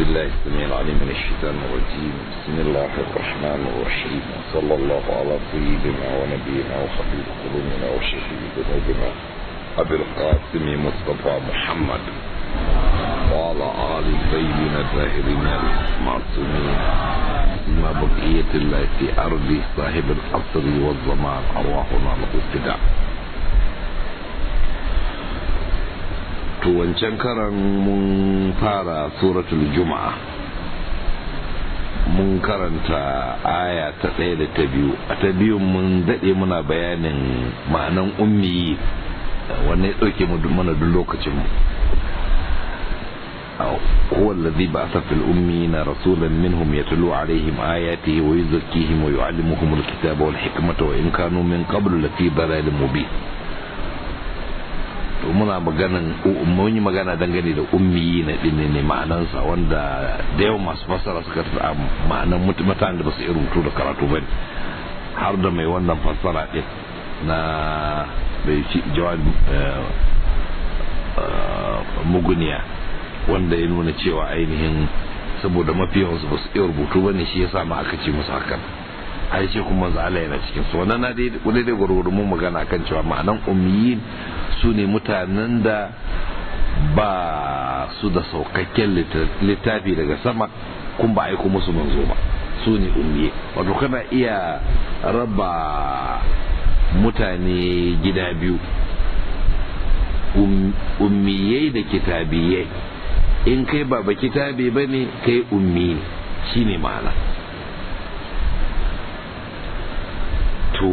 بالله السميع العليم من الشيطان الرجيم بسم الله الرحمن الرحيم وصلى الله على سيدنا ونبينا وحبيب قلوبنا وشفيع ذنوبنا أبي القاسم مصطفى محمد وعلى آل سيدنا الظاهرين المعصومين ما بقية الله في أرض صاحب الاصل والزمان أرواحنا له فداء to wancan karan mun fara suratul juma'a mun karanta aya ta ɗaya da ta biyu a ta mun daɗe muna bayanin ma'anan ummiyi wanne ya ɗauke mana duk lokacin mu kowallazi ba ummi na rasulun minhum ya tulo a rahim ta yi wa yi yi wa alimu kuma da kita ba wani hikimata wa in kanu min kabul lafi da mubi to muna a mun yi magana dangane da ummi na dinne ne ma'anansa wanda da yawan masu fassara suka ta ma'anan mutumatan da ba su rubutu da karatu ba har da mai wannan fassara din na bai ci eh, eh, muguniya wanda ya nuna cewa ainihin saboda yawansu ba su iya rubutu ba ne shi ya sa ma aka ce musu hakan ai ce kuma manzo Allah yana cikin su wannan na dai wani dai gurgurun mu magana kan cewa ma'anan ummiyin su ne mutanen da ba su da saukakken littafi daga sama kun ba aiko musu manzo ba su ne ummiye wato kana iya raba mutane gida biyu um, ummiyai da kitabiyai in kai ba ba kitabi ba ne kai ummi ne shine ma'ana to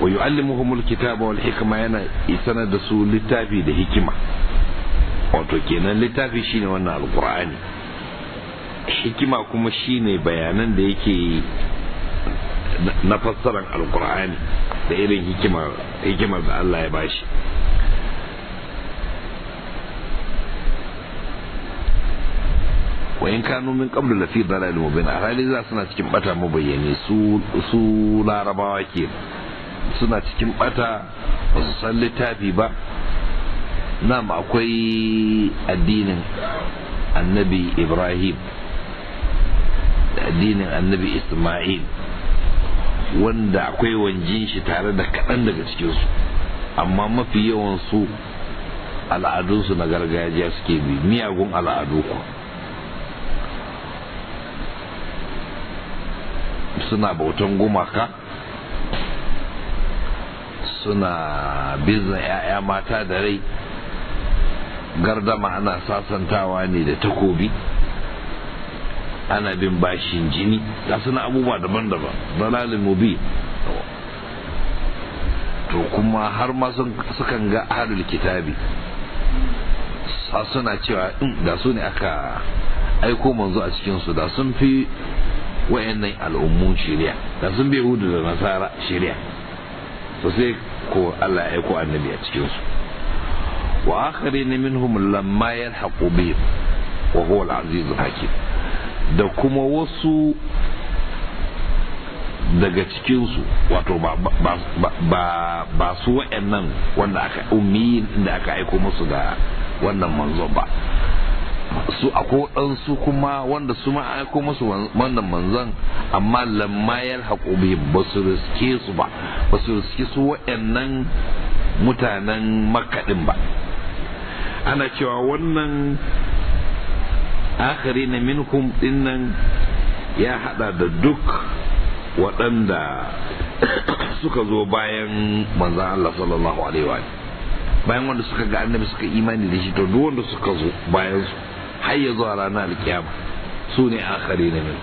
wa yu'allimuhumul kitaba wal hikma yana isana da su littafi da hikima wato kenan littafi shine wannan alqur'ani hikima kuma shine bayanan da yake na fassarar alqur'ani da irin hikimar da Allah ya bashi wa in kanu min qablu lafi dalal mubin alhali za suna cikin bata bayyane su su larabawa ke suna cikin bata ba su san littafi ba nam akwai addinin annabi ibrahim da addinin annabi isma'il wanda akwai wanjin shi tare da kaɗan daga cikinsu amma mafi yawan su al'adunsu na gargajiya suke bi miyagun al'adu suna bautan gumaka suna bizna 'ya'ya mata da rai gardama ana sasantawa ne da takobi ana bin bashin jini da suna abubuwa daban-daban dalalin mubi to kuma har ma sukan ga ahlul kitabi suna cewa da mm, su ne aka aiko manzo a cikinsu da sun fi wayannan al'ummu shari'a da sun bai hudu da nasara shari'a to sai ko Allah ya aiko annabi a cikin su wa akharin minhum lamma yalhaqu bi wa huwa al-aziz hakim da kuma wasu daga cikinsu wato ba su nan wanda aka ummi da aka aiko musu da wannan manzo ba su ako dan su kuma wanda su ma aiko musu wannan manzan amma lammayar haƙobi ba su riske su ba su riske su waɗannan mutanen makaɗin ba ana cewa wannan akari na minhum dinnan ya hada da duk waɗanda suka zo bayan manzan Allah sallallahu alaihi wa bayan wanda suka ga annabi suka imani da shi to duk wanda suka zo bayan su har ya zuwa ranar alkiyama su ne akhari na min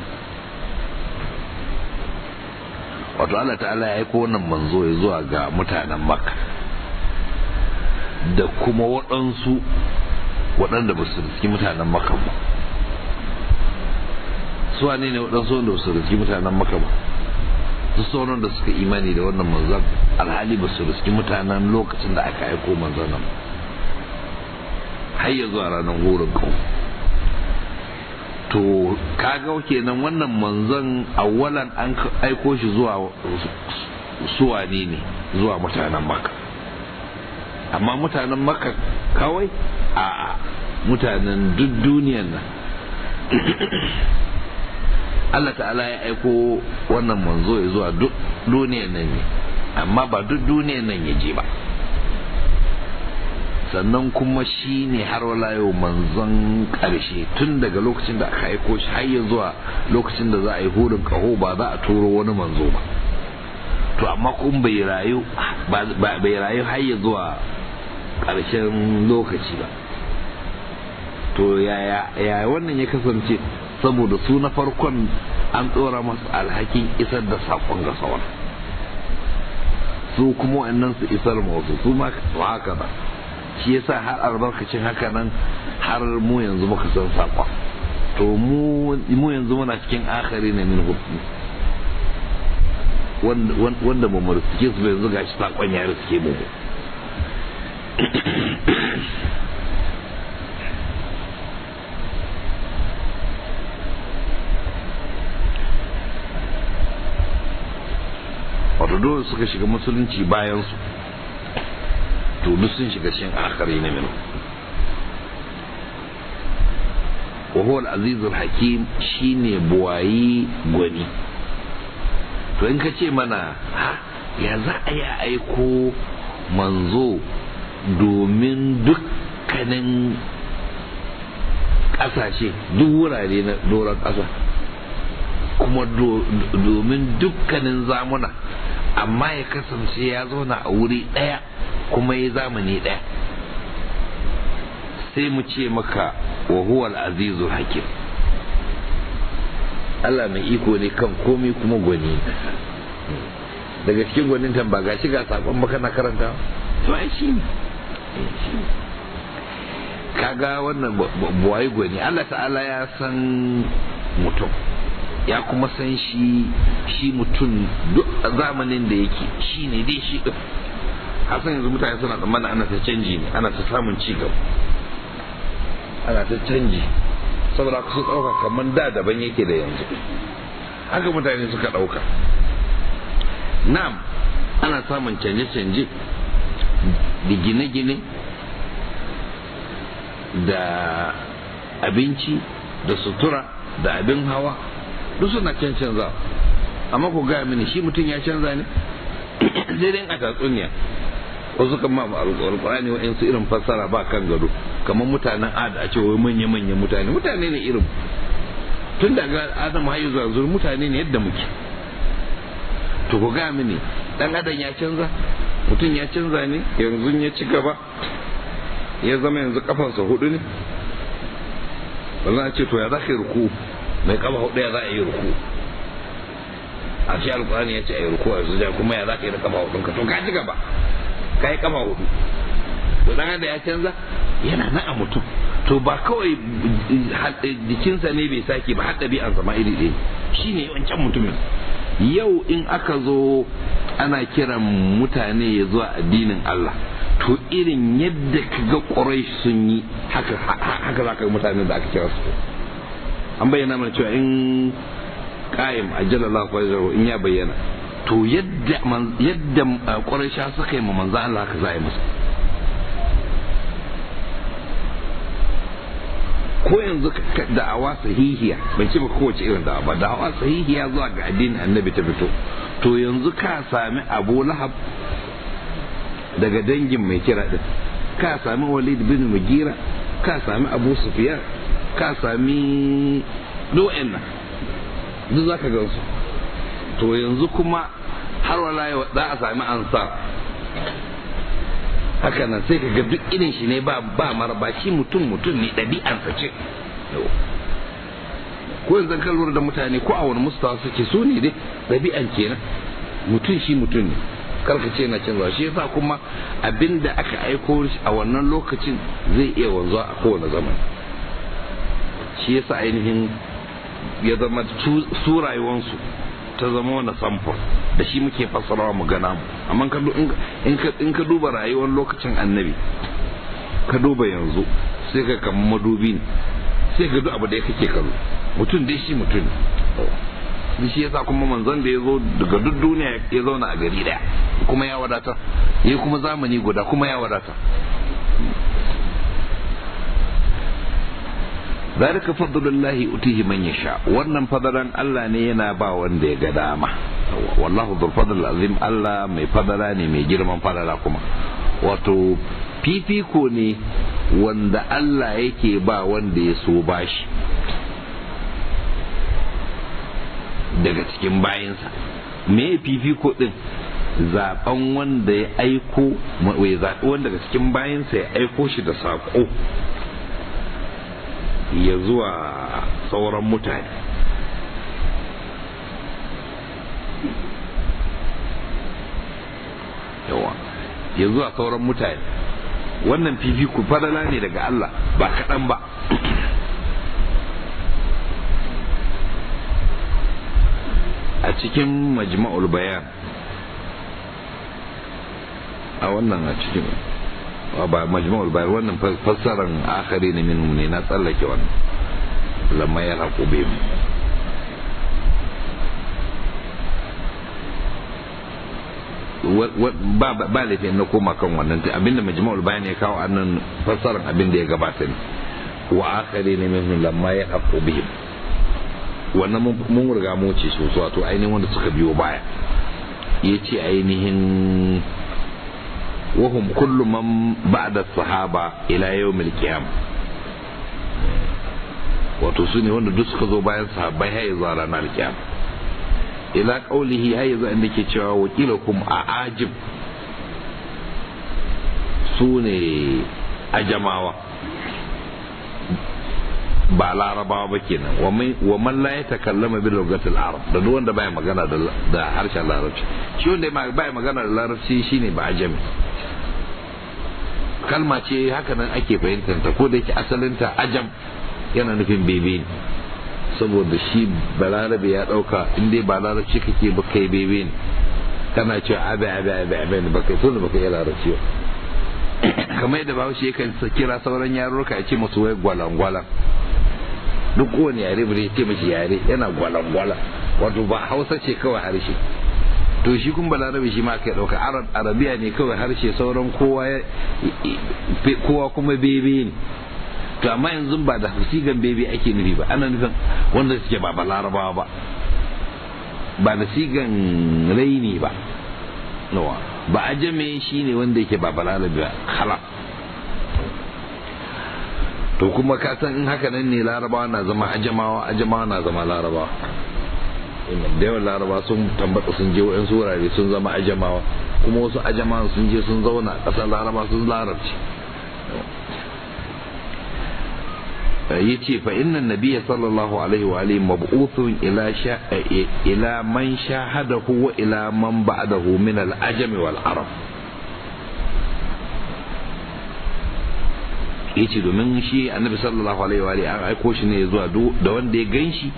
wato Allah ta'ala ya aiko wannan manzo ya zuwa ga mutanen makka da kuma waɗansu waɗanda ba su riski mutanen makka ba su ne ne waɗansu wanda ba su riski mutanen makka ba su sauran da suka imani da wannan manzan alhali ba su riski mutanen lokacin da aka aiko manzan nan har ya zuwa ranar horon kawo to kaga kenan wannan manzon awalan an aiko shi zuwa suwani ne zuwa mutanen maka amma mutanen maka kawai a mutanen duk duniyan nan Allah ta'ala ya aiko wannan manzo ya zuwa duk duniyan nan ne amma ba duk duniyan nan ya je ba sannan kuma shi ne har wala yau manzon ƙarshe tun daga lokacin da aka haiko shi har yanzu zuwa lokacin da za a yi hurin kaho ba za a turo wani manzo ba to amma kun bai rayu har ya zuwa ƙarshen lokaci ba to ya wannan ya kasance saboda su na farkon an tsora masu alhakin isar da saƙon ga sauran su kuma wannan su isar masu su ma haka ba shi yasa har albarkacin haka nan har mu yanzu muka san saƙon to mu yanzu muna cikin akhari ne min hudu wanda mu marisuke su yanzu gashi saƙon ya riske mu wato dole suka shiga musulunci bayan su to sun shiga cikin akhari na mino. wa huwa azizul hakim shine buwayi gwani to in ka ce mana ya za a yi aiko manzo domin dukkanin ƙasashe duk wurare na doron ƙasa kuma domin dukkanin zamuna amma ya kasance ya zauna a wuri ɗaya kuma ya zamani ɗaya sai mu ce maka wa huwal azizul hakim Allah mai iko ne kan komi kuma gwani daga cikin gwanin tamba ga shiga sakon baka na karanta to ai shi ne eh, kaga wannan buwayi gwani Allah ta'ala ya san mutum ya kuma san shi shi mutum duk zamanin da yake shi ne dai shi ɗin hasan yanzu mutane suna tsammanin ana ta canji ne ana ta samun ci gaba ana ta canji saboda ku su ɗauka kamar da daban yake da yanzu haka mutane suka ɗauka na'am ana samun canje-canje da gine-gine da abinci da sutura da abin hawa duk suna can canza amma ku gaya mini shi mutum ya canza ne zai dai a tatsuniya wasu kan ma alƙur'ani wa'insu irin fassara ba kan gado kamar mutanen ada a ce manya-manyan mutane mutane ne irin tun daga adam hayu zuwa mutane ne yadda muke to ku gaya mini dan adam ya canza mutum ya canza ne yanzu ya ci gaba ya zama yanzu kafansa hudu ne ba a ce to ya za ka ruku mai kama hudu ya za a yi ruku a shi alkurani ya ce a yi ruku a sujja kuma ya za ka yi da kama hudun ka to ka ci gaba ka yi kama hudu to dan da ya canza yana na a mutum to ba kawai jikinsa ne bai sake ba har biyan sama iri ɗaya ne wancan mutumin yau in aka zo ana kiran mutane ya zuwa addinin Allah to irin yadda kaga ƙwarai sun yi haka za ka mutane da aka kira su an bayyana mana cewa in a ajalallahu fajrahu in ya bayyana to yadda yadda ƙwarisha uh, suka yi ma manzo Allah ka zai a yi masa ko yanzu da'awa sahihiya ban ce ba kowace irin da'awa ba da'awa sahihiya zuwa ga addinin annabi ta fito to yanzu ka sami abu lahab daga dangin mai kira din ka sami walid bin mugira ka sami abu sufiyar ka sami do'in nan duk za ka gansu to yanzu kuma har wala za a sami ansa haka nan sai ka ga duk irin shi ne ba ba mara ba shi mutum mutum ne ɗabi'ansa ce ko yanzu kan lura da mutane ko a wani mustawa suke so ne dai ɗabi'an kenan mutum shi mutum ne karka ce na canza shi yasa kuma abinda aka aiko a wannan lokacin zai iya wanzuwa a kowane zamani shi yasa ainihin ya zama su rayuwansu ta zama wani samfur da shi muke fassarawa mu gana mu amma in ka duba rayuwar lokacin annabi ka duba yanzu sai ka kama madubi ne sai ka duk abu da ya kake kallo mutum dai shi mutum ne shi yasa kuma manzon da ya zo daga duk duniya ya zauna a gari daya kuma ya wadata ya kuma zamani guda kuma ya wadata. zalika fadlullahi utihi man yasha wannan fadalan Allah ne yana ba wanda ya ga dama wallahu dhul fadl azim Allah mai fadala ne mai girman fadala kuma wato fifiko ne wanda Allah yake ba wanda ya so bashi daga cikin bayansa me fifiko din zaben wanda ya aiko wanda daga cikin bayansa ya aiko shi da saƙo ya zuwa sauran mutane ya zuwa sauran mutane wannan fifiku fadala ne daga Allah ba kaɗan ba a cikin majma'ul bayan a wannan a cikin majmu'ul bayan wannan fassaran akari ne min ne na tsallake wannan lamma ya haƙu bihim ba laifin na koma kan wannan abinda majmu'ul bayan ya kawo annan fassarar abinda ya gabata ne wa akari ne min lamma ya haku bihim wannan mun riga mu ce su wato ainihin wanda suka biyo baya yace ainihin وهم كل من بعد الصحابة إلى يوم القيامة وتوصيني هنا دسك Ila صحابي هاي زارنا القيامة إلى قوله هاي زارنك تشوى وكيلكم أعاجب سوني أجماوة ba larabawa ba kenan wa man la ya takallama bi lugatil arab da duk wanda baya magana da harshen larabci shi wanda baya magana da larabci shine ba ajami kalma ce haka nan ake fahimtar ta ko da yake asalinta ajam yana nufin bebe saboda shi balarabe ya dauka in dai ba larabci kake ba kai bebe kana cewa abe abe abe abe ne baka tunda baka yi larabci ba kamar yadda shi yakan kira sauran yarurruka ya ce wai gwalan. duk kowane yare ba ya ce mashi yare yana gwalangwala wato ba hausa ce kawai harshe to shi kun balarabe shi ma kai dauka arab arabiya ne kawai harshe sauran kowa kowa kuma bebe ne to amma yanzu ba da sigan bebe ake nufi ba ana nufin wanda suke ba balaraba ba ba da sigan raini ba nawa ba ajame shi ne wanda yake ba balarabe ba kala to kuma ka san in haka nan ne larabawa na zama ajamawa ajamawa na zama larabawa da yawan laraba sun tambata sun je wa'in wurare sun zama ajamawa kuma wasu ajamawa sun je sun zauna ƙasar laraba sun larabci ya ce fa innan nabiya sallallahu alaihi wa alihi mab'uthun ila ila man shahadahu wa ila man ba'dahu min al-ajami wal arab yace domin shi annabi sallallahu alaihi wa alihi an aiko shi ne zuwa da wanda ya gan shi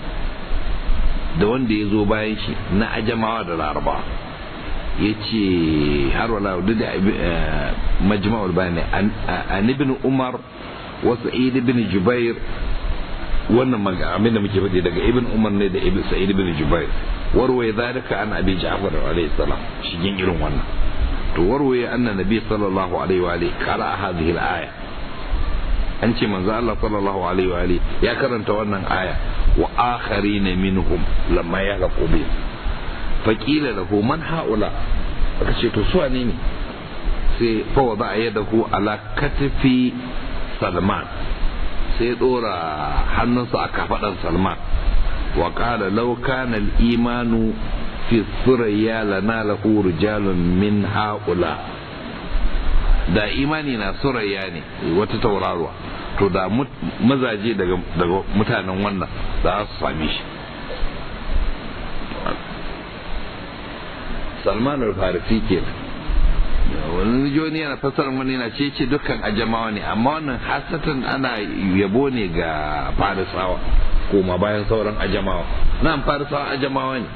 da wanda ya zo bayan shi na ajamawa da laraba ya ce har wala duk da eh, majma'ul bani an ibn umar wa sa'id ibn jubair wannan abin da muke faɗi daga ibn umar ne da ibn sa'id ibn jubair warwaye zalika an abi ja'far alayhi salam shigin irin wannan to warwaye anna nabi sallallahu alaihi wa alihi qara hadhihi al-aya an ce manzo Allah sallallahu alaihi wa alihi ya karanta wannan aya wa akharina minhum lamma ya ga kobe faƙila lahu man ha'ula aka ce to su ne ne sai fawa ba a yadda ku ala katifi salman sai ɗora hannunsa a kafaɗar salman wa ƙala laukan imanu fi surayya lana lahu rijalun min ha'ula da imani na surayya ne wata tauraruwa to da mazaje daga mutanen wannan za su same shi salmanul farisi kenan wani joni yana fasar wani na ce ce dukkan ajamawa ne amma wannan hasatan ana yabo ne ga farisawa koma bayan sauran ajamawa nan farisawa ajamawa ne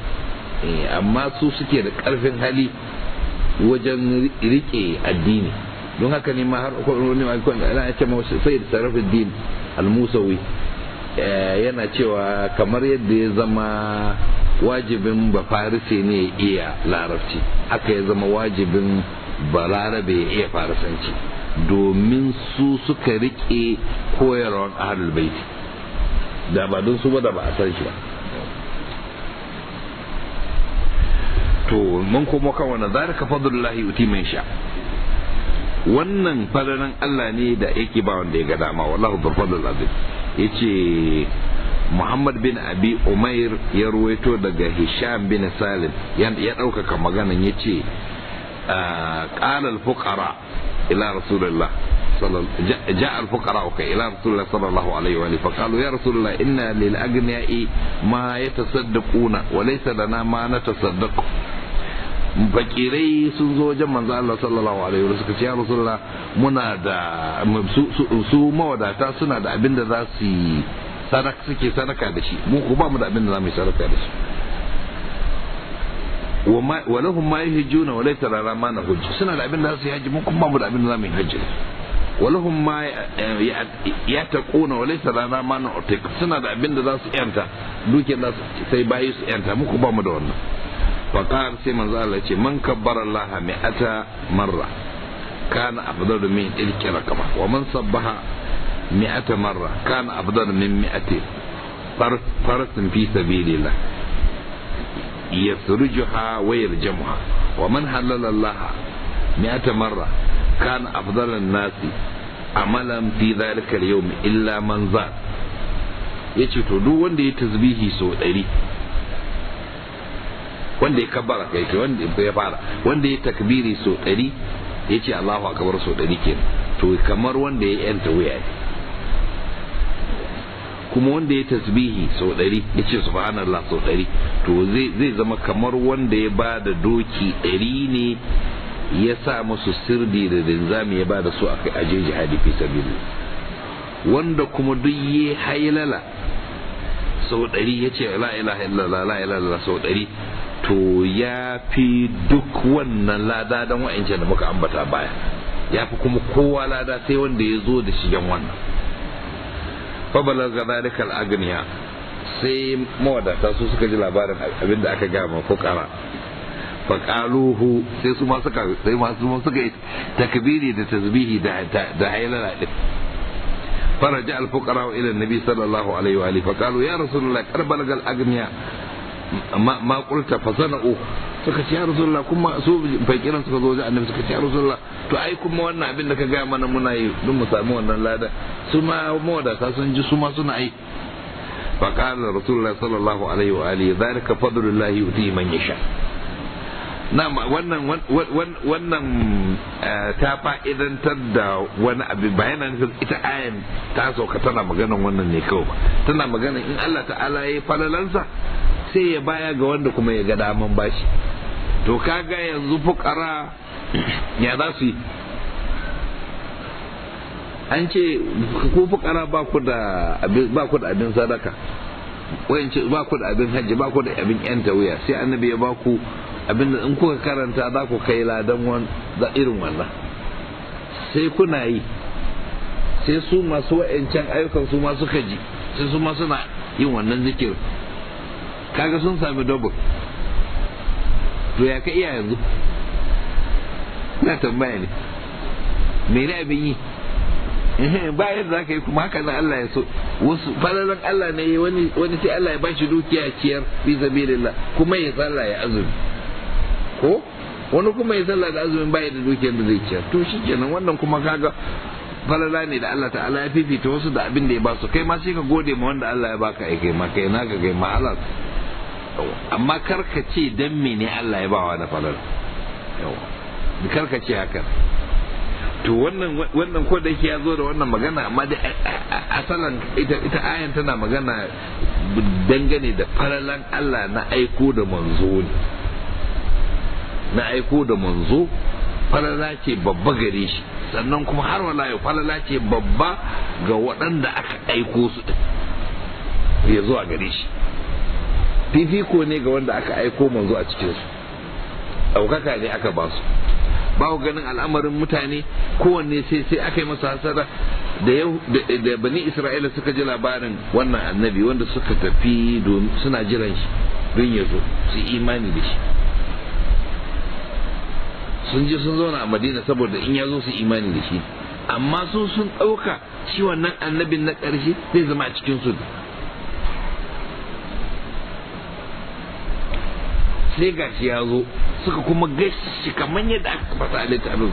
amma su suke da karfin hali wajen rike addini don haka ne ma har kwanan ma da ana ce ma sai da sarrafin din al-musawi Eh, yana cewa kamar yadda ya zama wajibin bafarisi ne ya iya larabci aka ya zama wajibin balarabe ya iya farisanci domin su suka riƙe koyarwar ahlul baiti da ba don su ba da ba a san shi ba to mun komo kan wannan zalika fadlullahi uti mai sha wannan fadalan Allah ne da yake ba wanda ya ga dama wallahu dhul yace muhammad bin abi umair ya ruwaito daga hisham bin salim ya ɗaukaka maganan ah, ya ce ƙalar fukara ila rasulullah جاء الفقراء إلى رسول الله صلى الله عليه وآله فقالوا يا رسول الله إن للأغنياء ما يتصدقون وليس لنا ما نتصدق fakirai sun zo wajen manzo Allah sallallahu alaihi wa suka ce ya rasulullah muna da su mawadata suna da abin da za su sadaka suke sadaka da shi mu ko ba mu da abin da za mu yi sadaka da shi wa lahum ma yahjuna wa laysa lana ma nahujj suna da abin da za su yi haji mu kuma ba mu da abin da za mu yi haji wa lahum ma eh, yataquna wa laysa lana ma nu'tik suna da abin da za su yanta duke sai bayi su yanta mu ko ba mu da wannan فقال سيما زال من كبر الله مئة مرة كان أفضل من تلك رقمة ومن صبها مئة مرة كان أفضل من مئة فرس في سبيل الله يسرجها ويرجمها ومن حلل الله مئة مرة كان أفضل الناس عملا في ذلك اليوم إلا من زاد يجي تدو وندي تزبيه سوء wanda ya kabbara kai ke wanda ya fara wanda ya takbiri so ɗari ya ce Allahu akbar so ɗari kenan to kamar wanda ya yanta wuya ne kuma wanda ya tasbihi sau ɗari ya ce subhanallah sau ɗari to zai zama kamar wanda ya ba da doki ɗari ne ya sa musu sirdi da rinzami ya ba da su a kai aje jihadi fi sabili wanda kuma duk ya hailala sau ɗari ya ce la ilaha illallah la ilaha illallah sau ɗari to ya fi duk wannan lada don wa'ince da muka ambata baya ya fi kuma kowa lada sai wanda ya zo da shigen wannan fabalar ga zalikal agniya sai mawadata su suka ji labarin abin da aka gama fukara faƙaluhu sai su masu sai masu suka yi takbiri da tasbihi da hailala din faraja al-fuqara ila nabi sallallahu alaihi wa alihi faqalu ya rasulullah qad balagal agniya ma fasana'u. fa sana'u suka ce ya rasulullah kuma su kiran suka zo wajen annabi suka ce ya rasulullah to ai kuma wannan abin da ka gaya mana muna yi don mu samu wannan lada su ma ta sun ji su ma suna yi fa qala rasulullah sallallahu alaihi wa alihi zalika fadlullah yuti man yasha Na wannan wannan eh, ta fa'idantar da wani abu bayan nufin ita ayan ta sauka tana maganan wannan ne kawai tana maganan in Allah ta'ala ya yi falalansa sai ya baya ga wanda kuma ya ga daman bashi to kaga yanzu fukara ya za su yi an ce ku fukara ba ku da abin sadaka wayance ba ku da abin hajji ba ku da abin yan tawiya sai annabi ya ba ku abin da in kuka karanta za ku kai ladan irin wannan sai kuna yi sai su masu wayancan ayyukan su ma suka ji sai su ma suna yin wannan zikirin kaga sun sami double to ya ka iya yanzu na tambaya ne me ne abin yi ba yadda za ka yi kuma haka na Allah ya so wasu falalan Allah ne wani wani sai Allah ya bashi dukiya ciyar fi sabilillah kuma ya tsalla ya azumi ko wani kuma ya tsalla da azumin bai da dukiyar da zai ciyar to kenan wannan kuma kaga falala ne da Allah ta'ala ya fifita wasu da abin da ya ba su kai ma sai ka gode ma wanda Allah ya baka ai kai ma kai na ga kai ma Allah amma karka ce dan mene Allah ya bawa na falal yawa karka ce haka to wannan wannan ko da yake ya zo da wannan magana amma da asalan ita ita ayan tana magana dangane da falalan Allah na aiko da manzo ne na aiko da manzo falala ce babba gare shi sannan kuma har wala yau falala ce babba ga waɗanda aka aiko su ya zuwa gare shi fifiko ne ga wanda aka aiko manzo a cikin su ɗaukaka ne aka ba su ba ku ganin al'amarin mutane kowanne sai sai aka yi masa hasara da bani isra'ila suka ji labarin wannan annabi wanda suka tafi suna jiran shi don ya zo su imani da shi sun je sun zauna a madina saboda in ya zo su imani da shi amma sun sun ɗauka shi wannan annabin na ƙarshe zai zama a cikin su sai ga ya zo suka kuma gashi kamar yadda aka ta littafin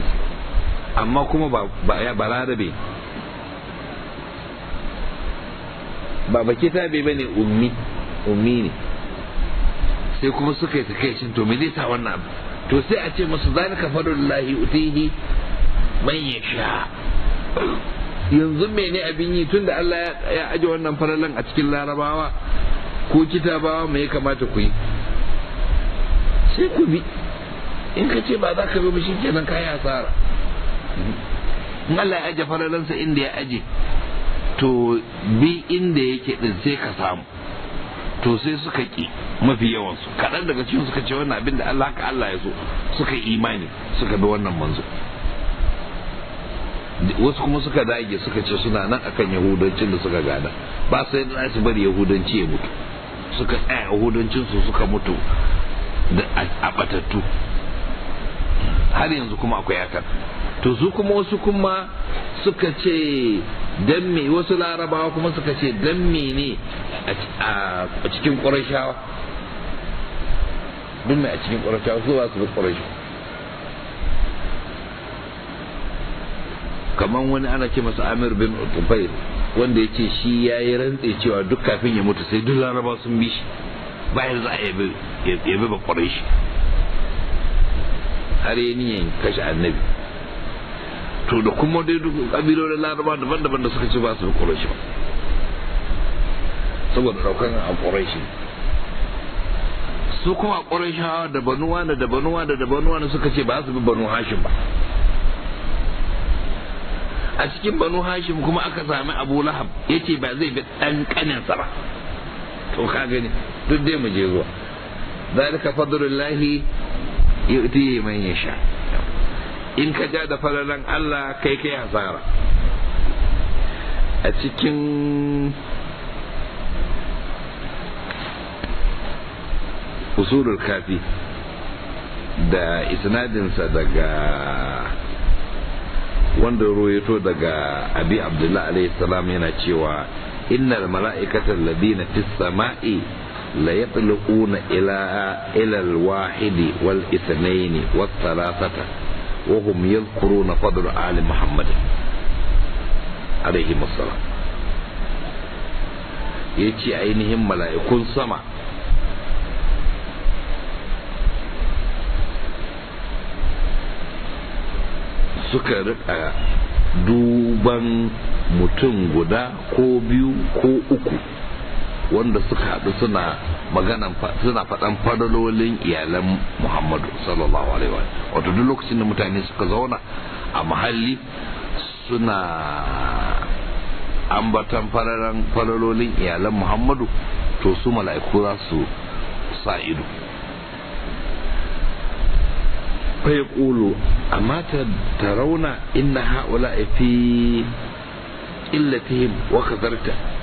amma kuma ba ya bararabe ba ba kitabe bane ummi ummi ne sai kuma suka yi takaicin to me zai sa wannan abu to sai a ce masu zalika fadlullahi utihi man yasha yanzu mene abin yi tunda Allah ya aje wannan faralan a cikin larabawa ko kitabawa me ya kamata ku yi sai ku bi in ka ce ba za ka bi ba shikenan ka yi asara in Allah ya aje faralansa inda ya aje to bi inda yake din sai ka samu to sai suka ki mafi yawansu kaɗan daga cikin suka ce wannan abin da Allah ka Allah ya so suka imani suka bi wannan manzo wasu kuma suka dage suka ce suna nan akan yahudancin da suka gada ba sai da su bari yahudanci ya mutu suka tsaya yahudancin su suka mutu a batattu har yanzu kuma akwai hakan to su kuma wasu kuma suka ce dan me wasu larabawa kuma suka ce dan me ne a cikin ƙurashawa duk mai a cikin ƙurashawa su ba su bi ƙurashawa kamar wani ana ce masa amir bin utubair wanda ya ce shi ya yi rantse cewa duk kafin ya mutu sai duk laraba sun bi shi bayan za a yabi ba kwarai shi har yi niyan kashe annabi to da kuma dai duk kabilolin laraba daban-daban da suka ce ba su bi kwarai shi ba saboda daukan a kwarai shi su kuma kwarai hawa da banuwa da da banuwa da da banuwa da suka ce ba su bi banu hashim ba a cikin banu hashim kuma aka sami abu lahab ya ce ba zai bi ɗan ƙaninsa ba to ka gani duk dai mu je ruwa zalika fadlullahi yu'ti man yasha in ka ja da falalan Allah kai kai hasara a cikin usulul kafi da isnadinsa daga wanda ruwaito daga abi abdullahi alayhi salam yana cewa innal mala'ikata alladhina fis sama'i la yatluquna ila ila al-wahidi wal ithnaini was thalathata wa hum yadhkuruna fadl ali muhammad alaihi assalam yace ainihin mala'ikun sama suka rika duban mutum guda ko biyu ko uku wanda suka haɗu suna maganan suna faɗan fadalolin iyalan muhammadu sallallahu alaihi wa wato duk lokacin da mutane suka zauna a mahalli suna ambatan fararen fadalolin iyalan muhammadu to su mala'iku za su sa ido ta ta rauna ترون إن هؤلاء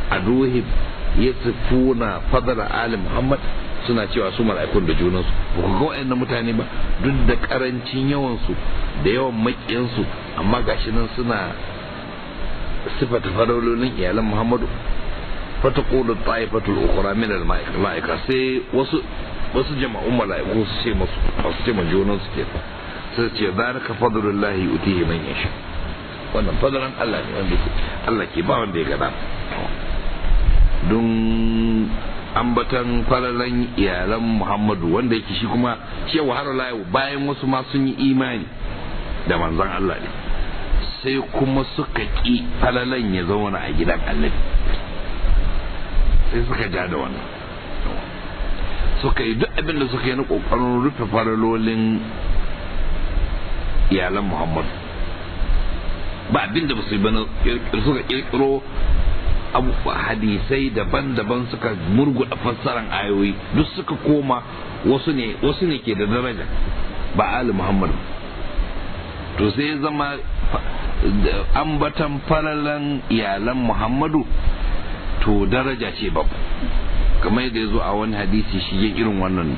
a duhim ya tafi na fadara ali muhammad suna cewa su mala'ikun da junansu ba ku ga wayannan mutane ba duk da karancin yawansu da yawan maƙiyansu amma gashi nan suna sifata farololin iyalin Muhammadu fata qulu ta'ifatul ukhra min al-mala'ika sai wasu wasu jama'un mala'iku su ce masu su ce ma junan su ke su ce zalika fadlullahi yutihi man yasha wannan fadlan Allah ne wanda ke Allah ke ba wanda ya gada don ambatan falalan iyalan Muhammadu wanda yake shi kuma shi wahalar layu bayan wasu ma sun yi imani da manzon Allah ne sai kuma suka ki falalan ya zauna a gidan Allah sai suka ja da wannan suka yi duk abin da suka yi na kokarin rufe faralolin iyalan muhammad ba abin da musu suka kirkiro hadisai daban-daban suka murguda fassaran ayoyi duk suka koma wasu ne wasu ne ke da daraja ba ali muhammad to sai zama ambatan falalan iyalan muhammadu to daraja ce babu kamar da ya zo a wani hadisi shi ya irin wannan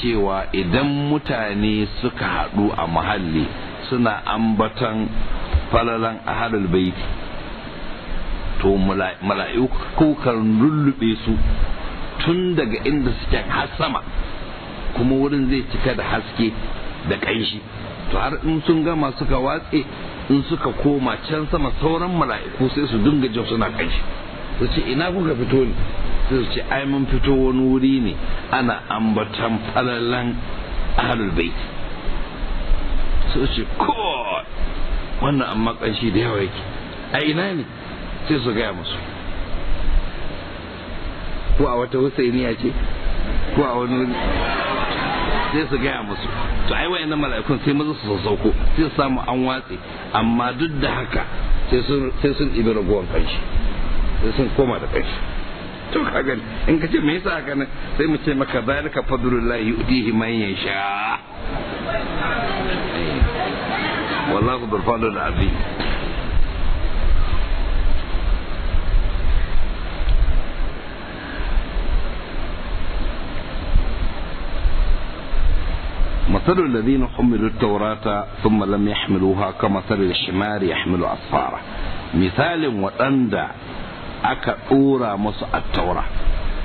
cewa idan mutane suka haɗu a muhalli suna ambatan falalan ahalul baiti to mala'iku kan lullube su tun daga inda suke har sama kuma wurin zai cika da haske da ƙanshi to har in sun gama suka watse in suka koma can sama sauran mala'iku sai su dinga jin suna ƙanshi su ce ina kuka fito ne su ce ai mun fito wani wuri ne ana ambatan falalan ahlul bait su ce ko wannan amma kanshi da yawa yake a ina ne sai su gaya musu ko a wata husainiya ce ko a wani wuri sai su gaya musu to ai wayan nan mala'ikun sai maza su sauko sai su samu an watse amma duk da haka sai sun ɗibi ragowar kanshi sun koma da kanshi to ka gani in ka ce me yasa haka nan sai mu ce maka zalika fadlullahi yudihi man yasha wallahu dhul fadlil azim مثل الذين حملوا التوراة ثم لم يحملوها كمثل الشمار يحمل أسفارا مثال وأندى aka dora musu attaura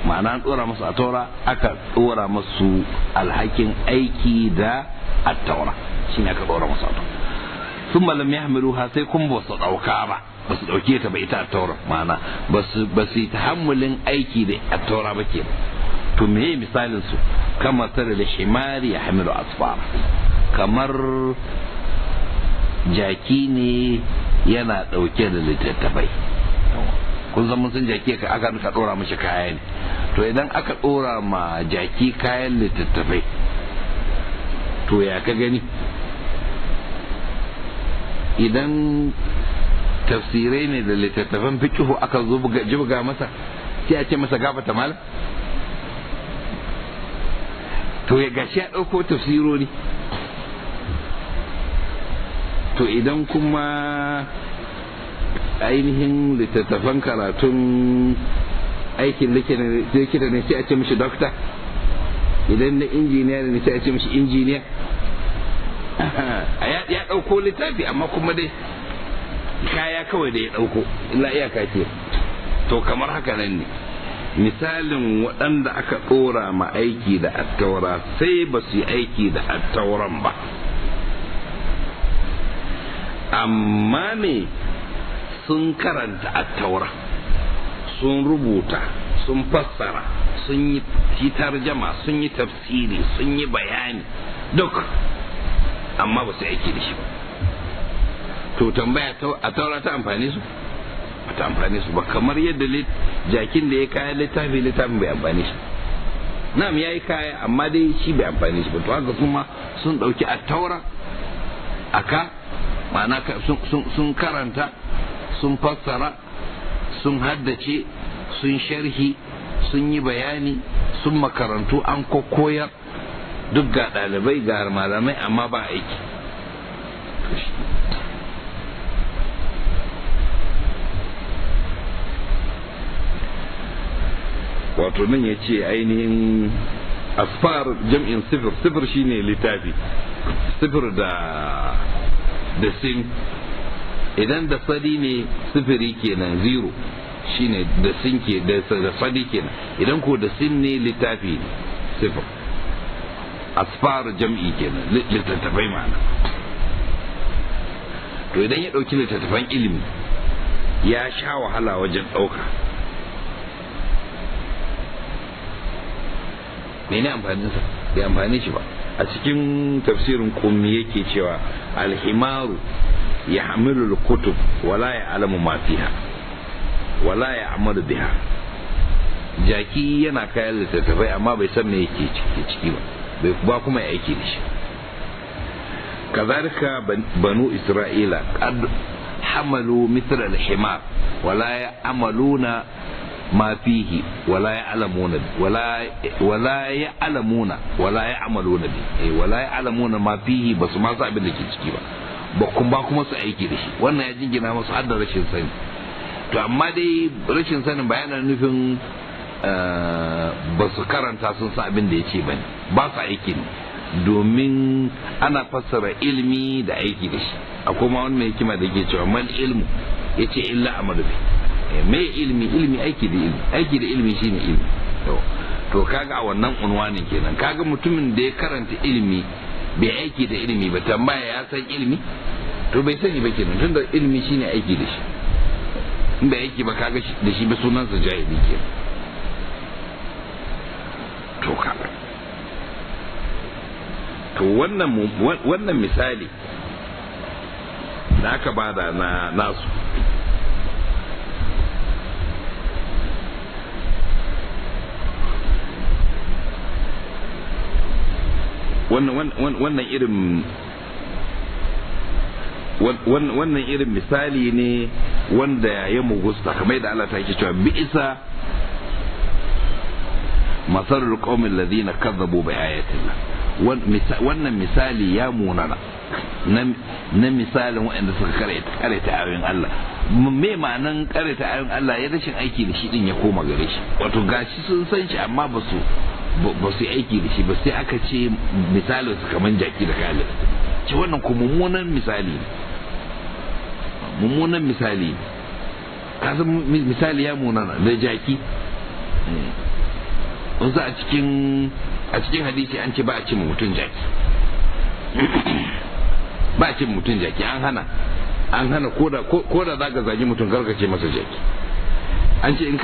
ma'ana an dora musu attaura aka dora masu alhakin aiki da attaura shine aka dora musu attaura sun malam ya ha sai kuma ba su dauka ba ba su dauke ta ba ita attaura ma'ana ba su yi tahammulin aiki da attaura ba ke to me misalin su kamar tare da shimari ya hamilu asfar kamar jaki ne yana ɗauke da littattafai kun san mun san jaki ka aka ka dora mishi kaya ne to idan aka dora ma jaki kayan littattafai to ya ka gani idan tafsirai ne da littattafan fikihu aka jibga masa sai a ce masa ta malam to ya gashi ya ɗauko ne to idan kuma ainihin littattafan karatun aikin likita ne sai a ce mishi dokta idan na injiniya ne sai a ce mishi injiniya ya ɗauko littafi amma kuma dai kaya kawai da ya ɗauko illa iyaka kake. to kamar haka nan ne misalin waɗanda aka ɗora ma aiki da attaura sai ba su yi aiki da attauran ba amma ne sun karanta attaura sun rubuta sun fassara sun yi jama sun yi tafsiri sun yi bayani duk amma ba su aiki da shi to tambaya a taura ta amfani su ba ta amfani su ba kamar yadda jakin da ya kaya littafi littafin bai amfani shi nam ya yi kaya amma dai shi bai amfani shi ba to haka kuma sun ɗauki a taura aka ma'ana sun karanta sun fassara sun haddace sun sharhi sun yi bayani sun makarantu an koyar duk ga ɗalibai ga malamai amma ba aiki wato nan ya ce ainihin asfar jam'in sifir sifir shine littafi sifir da da sin idan da sadi ne sifiri kenan zero shine da sin ke da sadi kenan idan ko da sin ne littafi ne sifir asfar jam'i kenan littattafai ma'ana to idan ya ɗauki littattafan ilimi ya sha wahala wajen ɗauka mene sa bai amfani shi ba a cikin tafsirin kumi yake cewa alhimaru wala ya alamu ma fiha wala ya Amadu biha jaki yana kayan littattafai amma bai san me yake ciki ba bai ba kuma ya aiki da shi kazalika banu isra'ila qad hamalu mithl al-himar wala amaluna ma fihi wala alamuna wala wala alamuna wala amaluna bi wala alamuna ma fihi basu ma san abin da ke ciki ba ba kuma kuma su aiki da shi wannan ya jingina masu adda rashin sani to amma dai rashin sani ba yana nufin eh, ba su karanta sun san abin da ya ce ba ne ba su aiki ne domin ana fassara ilmi da aiki da shi a ma wani mai hikima da ke cewa man ilmu ya ce illa a eh, manufi mai ilmi ilmi aiki da ilmi aiki da ilimi shine ilmi to kaga a wannan unwanin kenan kaga mutumin da ya karanta ilmi bai aiki da ilimi ba tambaya ya san ilimi to bai sani ba kenan tunda ilimi shine aiki da shi in bai aiki ba kaga da shi ba sunan sa jahili ke to ka to wannan wannan misali da aka bada na nasu wannan irin wannan irin misali ne wanda ya mugusta kamar da Allah ta yake cewa bi isa masarar qaumin ladina kazzabu bi ayatillah wannan misali ya munana na misalin waɗanda suka karanta ayoyin Allah me ma'anan karanta ayoyin Allah ya rashin aiki da shi din ya koma gare shi wato gashi sun san shi amma ba su ba su aiki da shi ba sai aka ce misalin su kamar jaki da kalin ci wannan ku mummunan misali mummunan misali kasan misali ya munana da jaki wanzu eh. a cikin a cikin hadisi an ce ba a ce mutum jaki ba a ce mutum jaki an hana an hana ko da za ka zagi mutum gargace masa jaki an ce in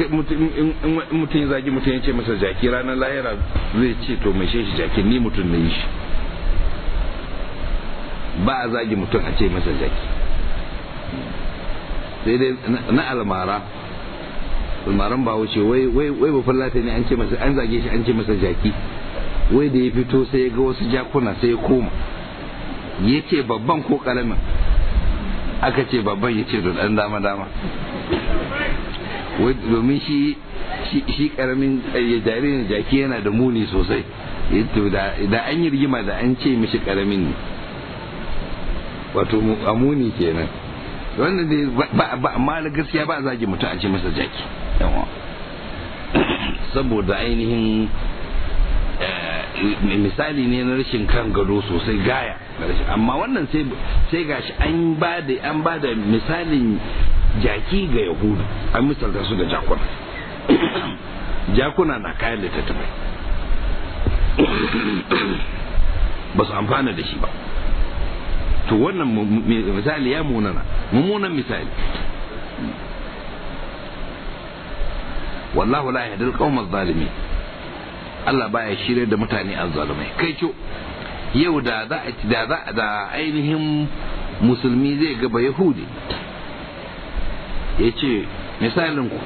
mutum ya zagi mutum ya ce masa jaki ranar lahira zai ce to mai shi jaki ni mutum na yi shi ba a zagi mutum a ce masa jaki sai dai na almara almaran ba wuce wai wai ba fallata ne an ce masa an zage shi an ce masa jaki wai da ya fito sai ya ga wasu jakuna sai ya koma ya ce babban ko karamin aka ce babban ya ce don dan dama dama domin shi shi karamin eh, jaririn jaki yana da muni sosai eh, da an yi rigima da an ce mishi karamin ne wato a kenan wannan dai ba amma da gaskiya ba zagi mutum a ce masa jaki saboda ainihin misali ne na rashin kan gado sosai gaya amma wannan sai gashi an ba da an ba da misalin jaki ga yahudu an misalta su da jakuna jakuna na kayan littattafai ba su amfana da shi ba to wannan misali ya munana mummunan misali wallahu la yahdil qawma adh Allah baya shirya da mutane azzalumai kai kyo yau da za da za da ainihin musulmi zai ga ba yahudi ya ce misalin ku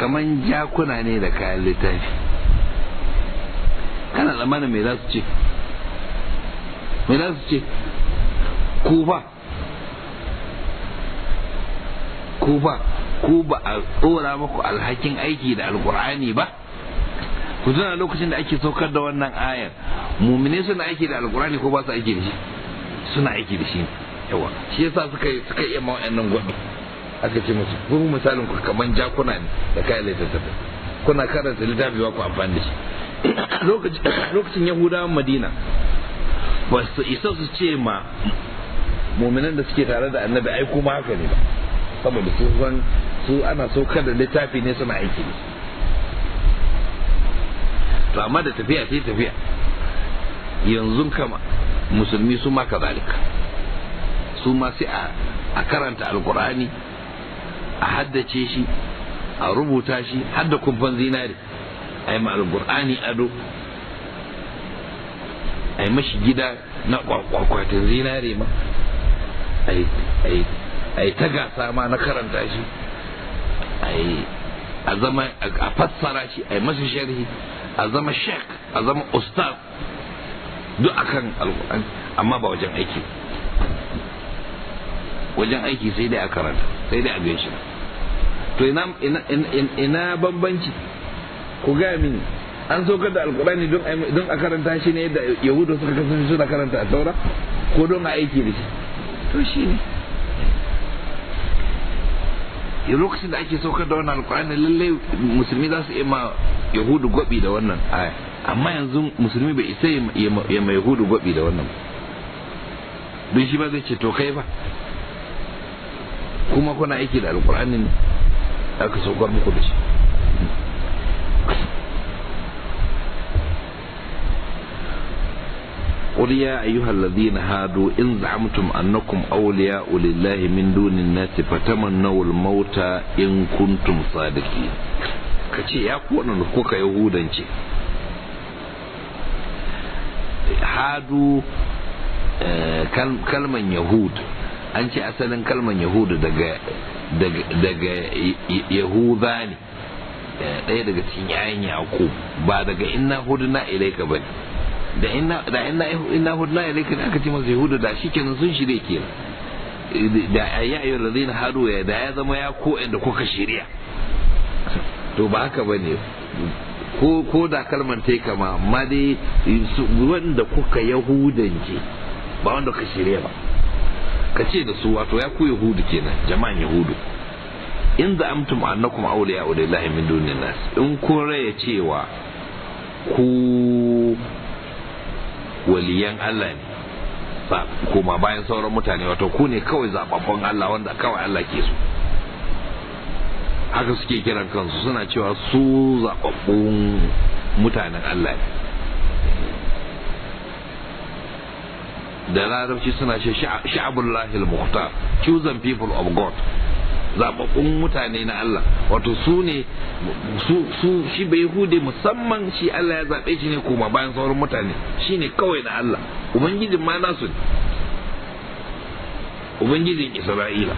kaman jakuna ne da kayan littafi kana tsammanin me za su ce me za su ce ku ba ku ba ku ba a tsora maku alhakin aiki da alkur'ani ba ku tuna lokacin da ake saukar da wannan ayar mumine suna aiki da alkurani ko ba su aiki da shi suna aiki da shi yawa shi yasa suka suka iya mawa wa'annan gwado aka ce musu ku misalin ku kaman jakuna ne da kayan littattafai kuna karanta littafi ba ku amfani da shi lokacin yahudawan madina ba su isa su ce ma muminan da suke tare da annabi ai kuma haka ne ba saboda sun san su ana saukar da littafi ne suna aiki da shi. to amma da tafiya sai tafiya yanzu kama musulmi su ma kazalika su ma sai a karanta alkur'ani a haddace shi a rubuta shi hadda kumfan zinari a yi alkur'ani ado a yi mashi gida na kwakwatin zinari ma a yi ta gasa ma na karanta shi a zama a fassara shi a yi masu sharhi a zama shek a zama ustaz duk akan Alƙur'ani amma ba wajen aiki wajen aiki sai dai a karanta sai dai a gaishe to ina ina bambanci ku ga mini an saukar da Alƙur'ani don a karanta shi ne yadda yahudu suka kasance suna karanta a saura ko don a aiki da shi to shi ne lokacin da ake saukar da wannan alkur'ani lalle musulmi za su ima yahudu gwabi da wannan aya amma yanzu musulmi bai isa ya ma yahudu gwabi da wannan don shi ba zai ce to kai ba kuma kuna aiki da ne aka saukar muku da shi قل يا أيها الذين هادوا إن زعمتم أنكم أولياء لله من دون الناس فتمنوا الموت إن كنتم صادقين كتي يا kuwa kuka yahudance hadu kalman يهود an ce asalin kalman yahudu daga Yahudani. ɗaya daga cikin yayan yaƙo ba daga inna huduna ilaika bane. da inna da inna hudna ilayka da aka ce masa yahudu da shikenan sun shirye ke. da ya ayyul ladina hadu ya da ya zama ya ko inda kuka shirya to ba haka bane ko ko da kalmar tai kama amma dai wanda kuka ba wanda ka shirya ba ka ce da su wato ya ku yahudu kenan jama'an yahudu in da amtum annakum awliya ulillahi min dunin nas in kun raya cewa ku waliyan Allah ne ba kuma bayan sauran mutane wato ku ne kawai zababban Allah wanda kawai Allah ke so haka suke kiran kansu suna cewa su zababbun mutanen Allah ne da larabci suna ce sha'abullahi al-mukhtar chosen people of God zababbun mutane na Allah wato su ne su shi bai hude musamman shi Allah ya zaɓe shi ne kuma bayan sauran mutane shi ne kawai na Allah ubangijin ma nasu ne ubangijin Isra'ila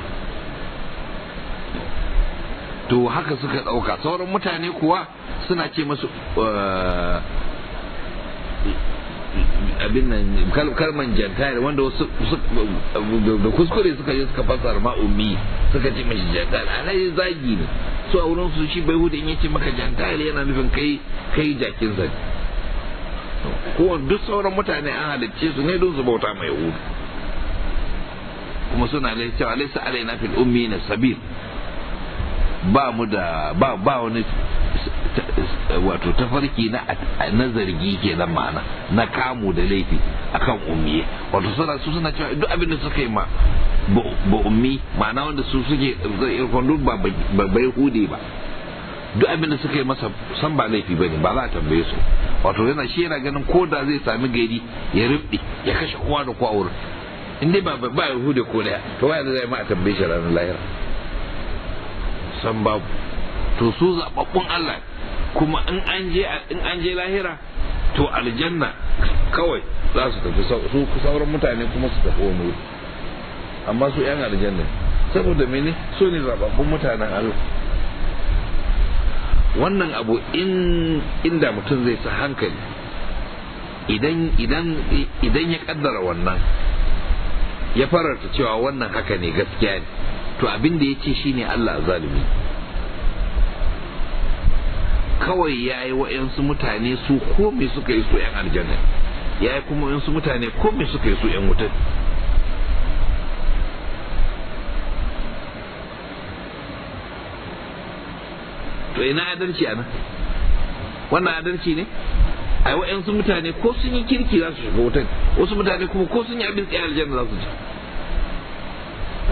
to haka suka ɗauka sauran mutane kuwa suna ce masu eh, abin nan kalman jantayar wanda wasu da kuskure suka je suka fasar ma ummi suka ce mashi jantayar ana yi zagi ne su a wurin su shi bai hudu in yace maka jantayar yana nufin kai kai jakin zai ko duk sauran mutane an halicce su ne don su bauta mai hudu kuma suna lai cewa laisa alaina fil ummi na sabir ba mu da ba wani wato tafarki na zargi ke nan ma'ana na kamu da laifi akan ummi wato suna su suna cewa duk abin da suka yi ma ba ummi ma'ana wanda su suke irfan duk ba bai hude ba duk abin da suka yi masa san ba laifi bane ba za a tambaye su wato yana shi yana ganin ko da zai sami gari ya rubdi ya kashe kowa da kowa wurin in dai ba ba ya hude ko daya to waya zai ma a tambaye shi ranar lahira san babu to su zaɓaɓɓun Allah kuma in an je lahira to aljanna kawai za su tafi su sauran mutane kuma su tafi wani wuri amma su yan aljanna saboda mene so ne zababbun mutanen Allah wannan abu in inda mutum zai sa hankali idan idan ya kaddara wannan ya fararta cewa wannan haka ne gaskiya ne to abin da ya ce shine Allah zalimi kawai ya yi wa'yansu mutane su komai suka yi su 'yan aljanna ya yi kuma wa'yansu mutane komai suka yi su 'yan wutan. to ina adalci a nan wannan adalci ne 'yan wa'yansu mutane ko sun yi kirki za su shiga wutar wasu mutane kuma ko sun yi abin tsaye aljanna za su ci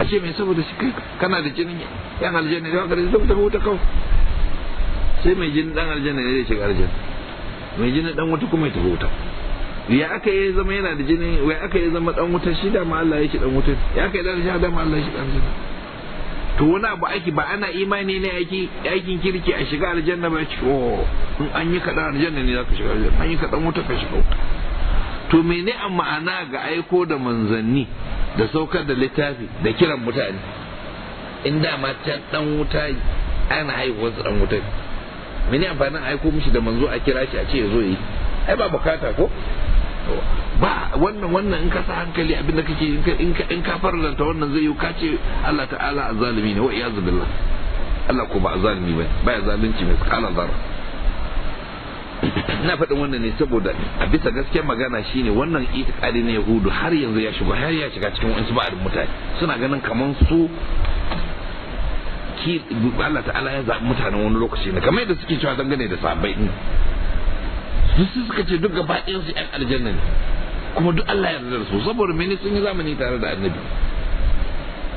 a ce mai saboda shi kana da jinin yan aljanna ya ka da saboda wuta kawai sai mai jini dan aljanna ne zai shiga aljanna mai jini dan wuta kuma ya tafi wuta ya aka yi zama yana da jini ya aka yi zama dan wuta shi da ma Allah ya shi dan wuta ya aka yi dan shi da ma Allah ya shi dan aljanna to wani abu aiki ba ana imani ne aiki aikin kirki a shiga aljanna ba ce oh in an yi kadan aljanna ne ka shiga aljanna an yi kadan wuta ka shiga wuta to mene a ma'ana ga aiko da manzanni da saukar da littafi da kiran mutane in da ma can dan wuta ana haihuwar dan wuta mene amfanin aiko mishi da manzo a kira shi a ce ya zo yi ai ba bukata ko ba wannan wannan in ka sa hankali abin da kake in ka in ka farlanta wannan zai yi ka ce Allah ta'ala azzalimi ne wa iyazu billah Allah ko ba azzalimi ba ya zalunci mai kala zar na faɗin wannan ne saboda a bisa gaskiyar magana shine wannan itikadi na yahudu har yanzu ya shiga har ya shiga cikin wa'ansu ba'ad mutane suna ganin kaman su ki Allah ta'ala ya zaɓi mutanen wani lokaci ne kamar yadda suke cewa dangane da sabai din su suka ce duk gaba ɗayan su yan aljanna ne kuma duk Allah ya yarda da su saboda mene sun yi zamani tare da annabi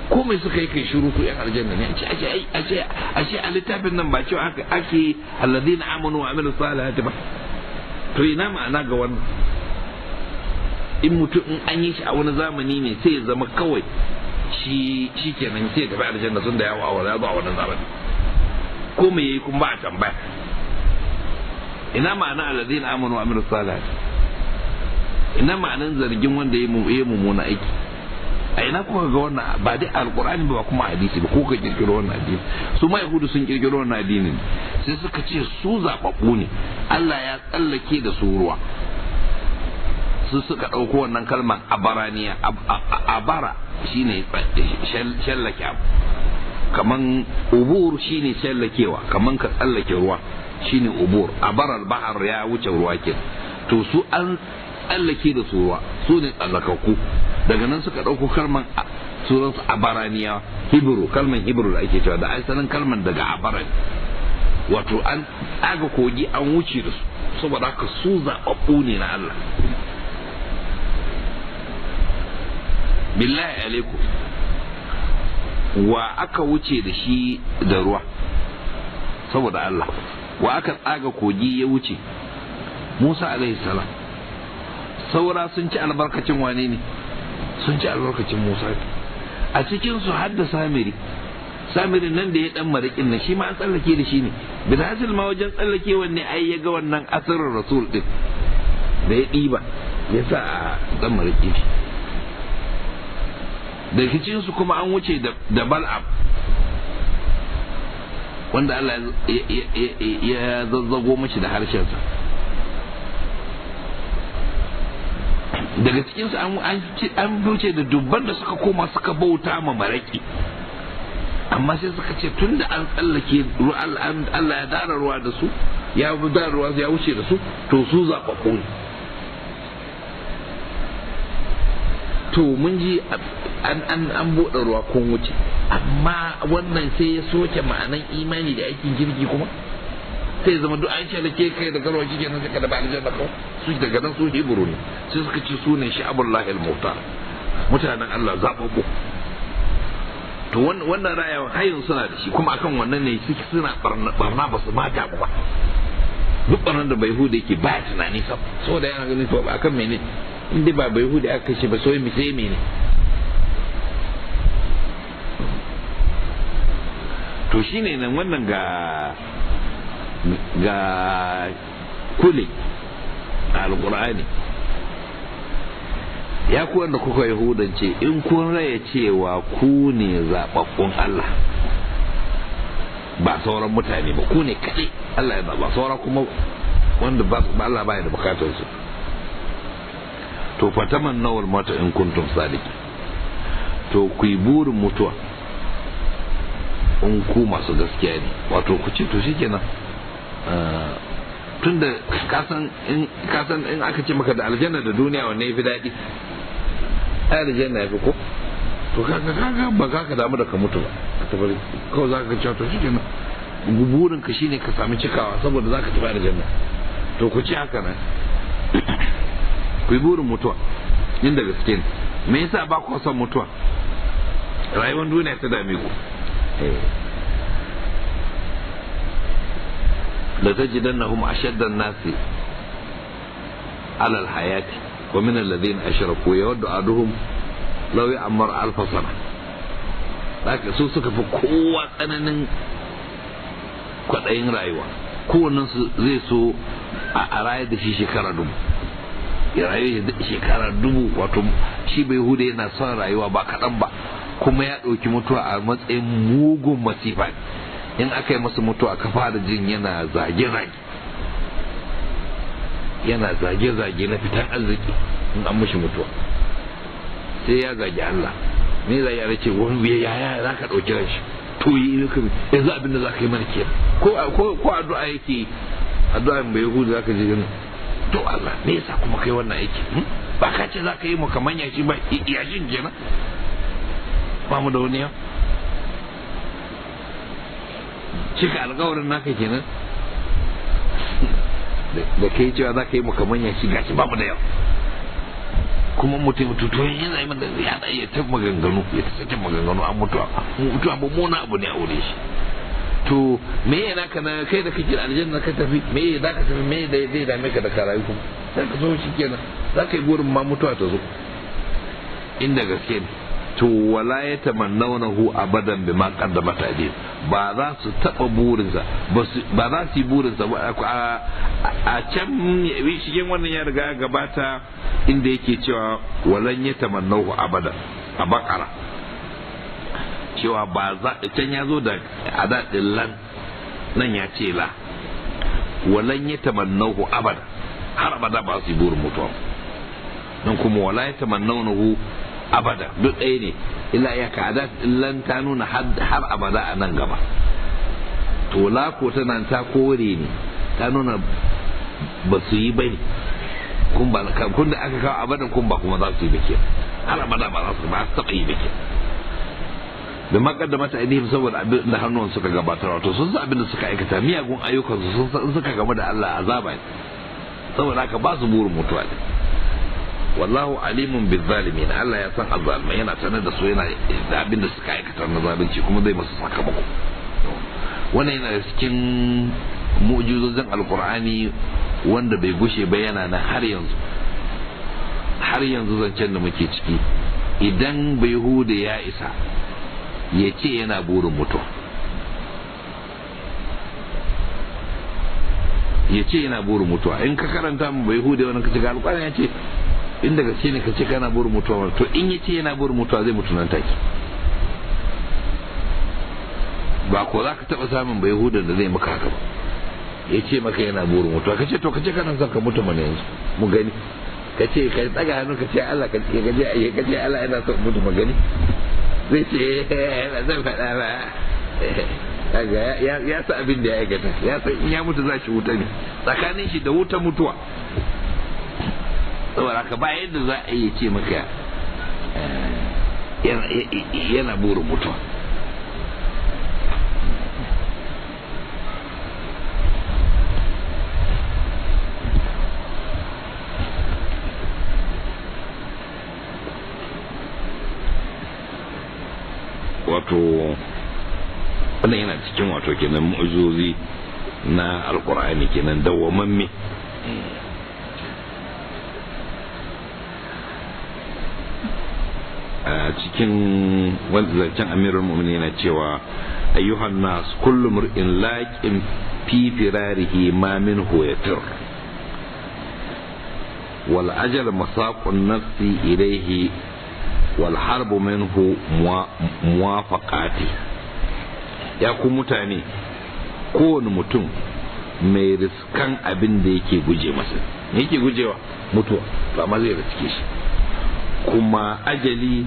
komai suka yi kai shiru su yan aljanna ne ce a littafin nan ba ce aka ake alladhina amanu wa amilus salihati ba to ina ma'ana ga wannan in mutum in an yi shi a wani zamani ne sai ya zama kawai shi shi kenan sai tafi aljanna sun da yawo a wani zuwa wannan zaman ko me yayi kuma ba a tambaya ina ma'ana alladhina amanu wa amilus salihat ina ma'anan zargin wanda ya yi mummuna aiki a ina kuka ga wannan ba dai alkur'ani ba kuma hadisi ba kuka kirkiro wannan addini su ma yahudu sun kirkiro wannan addini sai suka ce su zababbu ne Allah ya tsallake da su ruwa su suka ɗauko wannan kalman abaraniya abara shine shallake abu kaman ubur shine shallakewa kaman ka tsallake ruwa shine ubur abarar bahar ya wuce ruwa ke to su an tsallake da su ruwa su ne tsallakakku daga nan suka ɗauko kalman suransu abaraniya hibiru kalman hibiru da ake cewa da asalin kalman daga abaran wato an tsaga kogi an wuce da su saboda haka su zaɓaɓɓu ne na Allah billahi alaikum wa aka wuce da shi da ruwa saboda Allah wa aka tsaga kogi ya wuce Musa alaihi salam saura sun ci albarkacin wane ne sun ci albarkacin Musa a cikin su har da Samiri Samiri nan da ya dan marikin nan shi ma an tsallake da shi ne bilasil ma wajen tsallake wanne ai ya ga wannan asirin rasul din da ya ɗiba ya sa a dan marikin shi da cikinsu kuma an wuce da bal'am wanda Allah ya zazzago mashi da harshensa daga cikinsu an wuce da dubban da suka koma suka bauta ma maraki amma sai suka ce tun da an tsallake Allah ya dara ruwa da su ya dara ruwa ya wuce da su to su zaɓaɓɓu ne to mun ji an an buɗe ruwa ko wuce amma wannan sai ya soke ma'anan imani da aikin jirgi kuma sai zama duk an ke kai da garwa shi kenan suka da ba aljanna ko su daga nan su hebru ne sai suka ci su ne sha'abullah al-muhtar mutanen Allah zababbu to wannan har hayin suna da shi kuma akan wannan ne suke suna barna ba su ma ba duk barnan da bai hude yake ba tunani sab saboda yana ganin to akan menene inda ba bai hudu aka kashe ba sai mu sai mene to shine nan wannan ga ga kule alqur'ani ya ku wanda kuka yahudance in kun raya cewa ku ne zababbun Allah ba sauran mutane ba ku ne kaɗai Allah ya ba sauran kuma wanda ba Allah ba ya da bukatar su to fataman nawar mata in kuntum sadiki to ku yi burin mutuwa in ku masu gaskiya ne wato ku ce to shikenan eh, tun da kasan in aka ce maka da aljanna da duniya wanne ya fi daɗi aljanna ya fi ko to kaga kaga ba ka ka damu da ka mutu ba a kawai za ka cewa to shi kenan burin ka shine ka sami cikawa saboda za ka tafi aljanna to ku ci haka nan ku yi burin mutuwa inda gaske ne me yasa ba ku son mutuwa rayuwar duniya ta dame ku eh. jidan na ashadda ashaddan nasi alal hayati wa min alladhina ashraku yawaddu aduhum law ya'mar alf sana haka su suka fi kowa tsananin kwaɗayin rayuwa kowannen su zai so a raya da shi shekara dubu ya rayu shekara dubu wato shi bai hude yana son rayuwa ba kaɗan ba kuma ya ɗauki mutuwa a matsayin mugun masifa in aka yi masa mutuwa ka fara jin yana zage-zage yana zage-zage na fitan arziki in an mushi mutuwa sai ya zage Allah me za ya ce wani ya yaya za ka ɗauki ran shi to yi ilu kuma yanzu abin abinda za ka yi mana kenan ko addu'a yake addu'a mai hudu za ka ji ganin to Allah me yasa kuma kai wannan aiki hmm? ba ka ce za ka yi mu kamar yashi ba yashin kenan ba mu da wani yau cika alkawarin naka kenan da kai cewa za ka yi mu kamar yashi gashi ba mu da yau kuma mutum tutoyin yana yi mana ya ta maganganu ya ta sakin maganganu an mutuwa mutuwa mummuna abu ne a wuri shi to me ya naka na kai da kake aljanna ka tafi me ya zaka tafi me da zai dame ka da karayu kuma sai ka zo shi za zaka yi gurin ma mutuwa ta zo inda gaske ne to wala ya hu abadan bima qaddama ta'dil ba za su taba burinsa ba za su yi burinsa a can cikin wannan ya riga gabata inda yake cewa walan ya tamannahu abadan a bakara cewa ba za can ya zo da adadin lan nan ya ce la walan ya tamannahu abada har abada ba su yi burin mutuwa nan kuma wala ya tamannahu abada duk ɗaya ne illa ya ka adadin lan ta nuna har abada a nan gaba to la ko tana ta kore ne ta nuna ba su yi bai kun da aka kawo abadan kun ba kuma za su yi bikin har abada ba za su ba su taɓa yi bikin da ma kaddamata ainihin saboda abin da hannun suka gabatar wato sun san abin da suka aikata miyagun ayyukan su sun san suka gama da Allah azaba ne saboda haka ba su burin mutuwa ne wallahu alimun bil zalimin Allah ya san azalma yana sanar da su yana da abin da suka aikata na zalunci kuma zai masu sakamako wannan yana da cikin mu'jizozin alqur'ani wanda bai gushe ba yana nan har yanzu har yanzu zancen da muke ciki idan bai hude ya isa ya ce yana burin mutu ya ce yana burin mutuwa in ka karanta mu bai hude wani kace ga alƙwarin ya ce in daga ce ne ka ce kana burin mutuwa to in ya ce yana burin mutuwa zai mutu nan take ba ko za ka taɓa samun bai hude da zai maka haka ba ya ce maka yana burin mutuwa ka ce to ka ce kana son ka mutu mana yanzu mu gani ka ce ka tsaga hannu ka ce Allah ka ce ka ce Allah yana son mutu mu gani zai ce ba zan faɗa ba ya sa abin da ya aikata ya san in ya mutu za shi wuta ne tsakanin shi da wuta mutuwa saboda ka bayan da za a yi ce maka eh, yana burin mutuwa wato wannan yana cikin wato kenan mu'ujizozi na alkur'ani kenan dawwamamme a cikin zancen amirul mu'minin yana cewa ayyuhan nas kullu mur'in laqin fi firarihi ma min yatir wal ajal masaqun nafsi ilayhi wal harbu minhu muwafaqati ya ku mutane kowane mutum mai riskan abin da yake guje masa yake gujewa mutuwa ba ma zai riske shi kuma ajali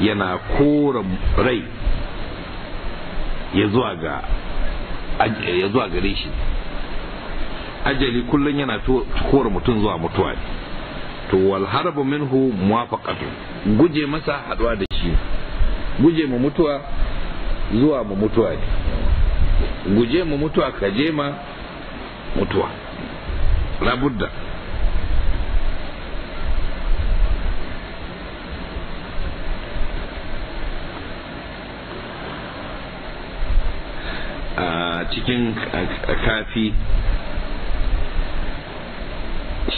yana kora rai ya zuwa ga ya zuwa gare shi ajali kullum yana kora mutum zuwa mutuwa ne to wal harbu minhu muwafaqatu guje masa haduwa da shi guje mu mutuwa zuwa mu mutuwa ne guje mu mutuwa ka je ma mutuwa labudda a cikin kafi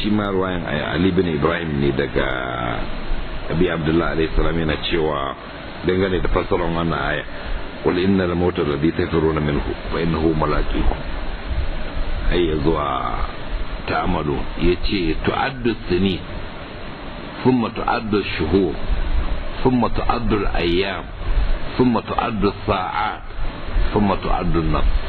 shi ma ruwayan ali bin ibrahim ne daga abi abdullahi alaihi salam yana cewa dangane da fassarar wannan aya qul innal mauta alladhi tafiruna minhu wa innahu malaqikum ai zuwa ta'amalu yace tu'addu sini thumma tu'addu shuhur thumma tu'addu al-ayyam thumma tu'addu as-sa'at thumma tu'addu an-nafs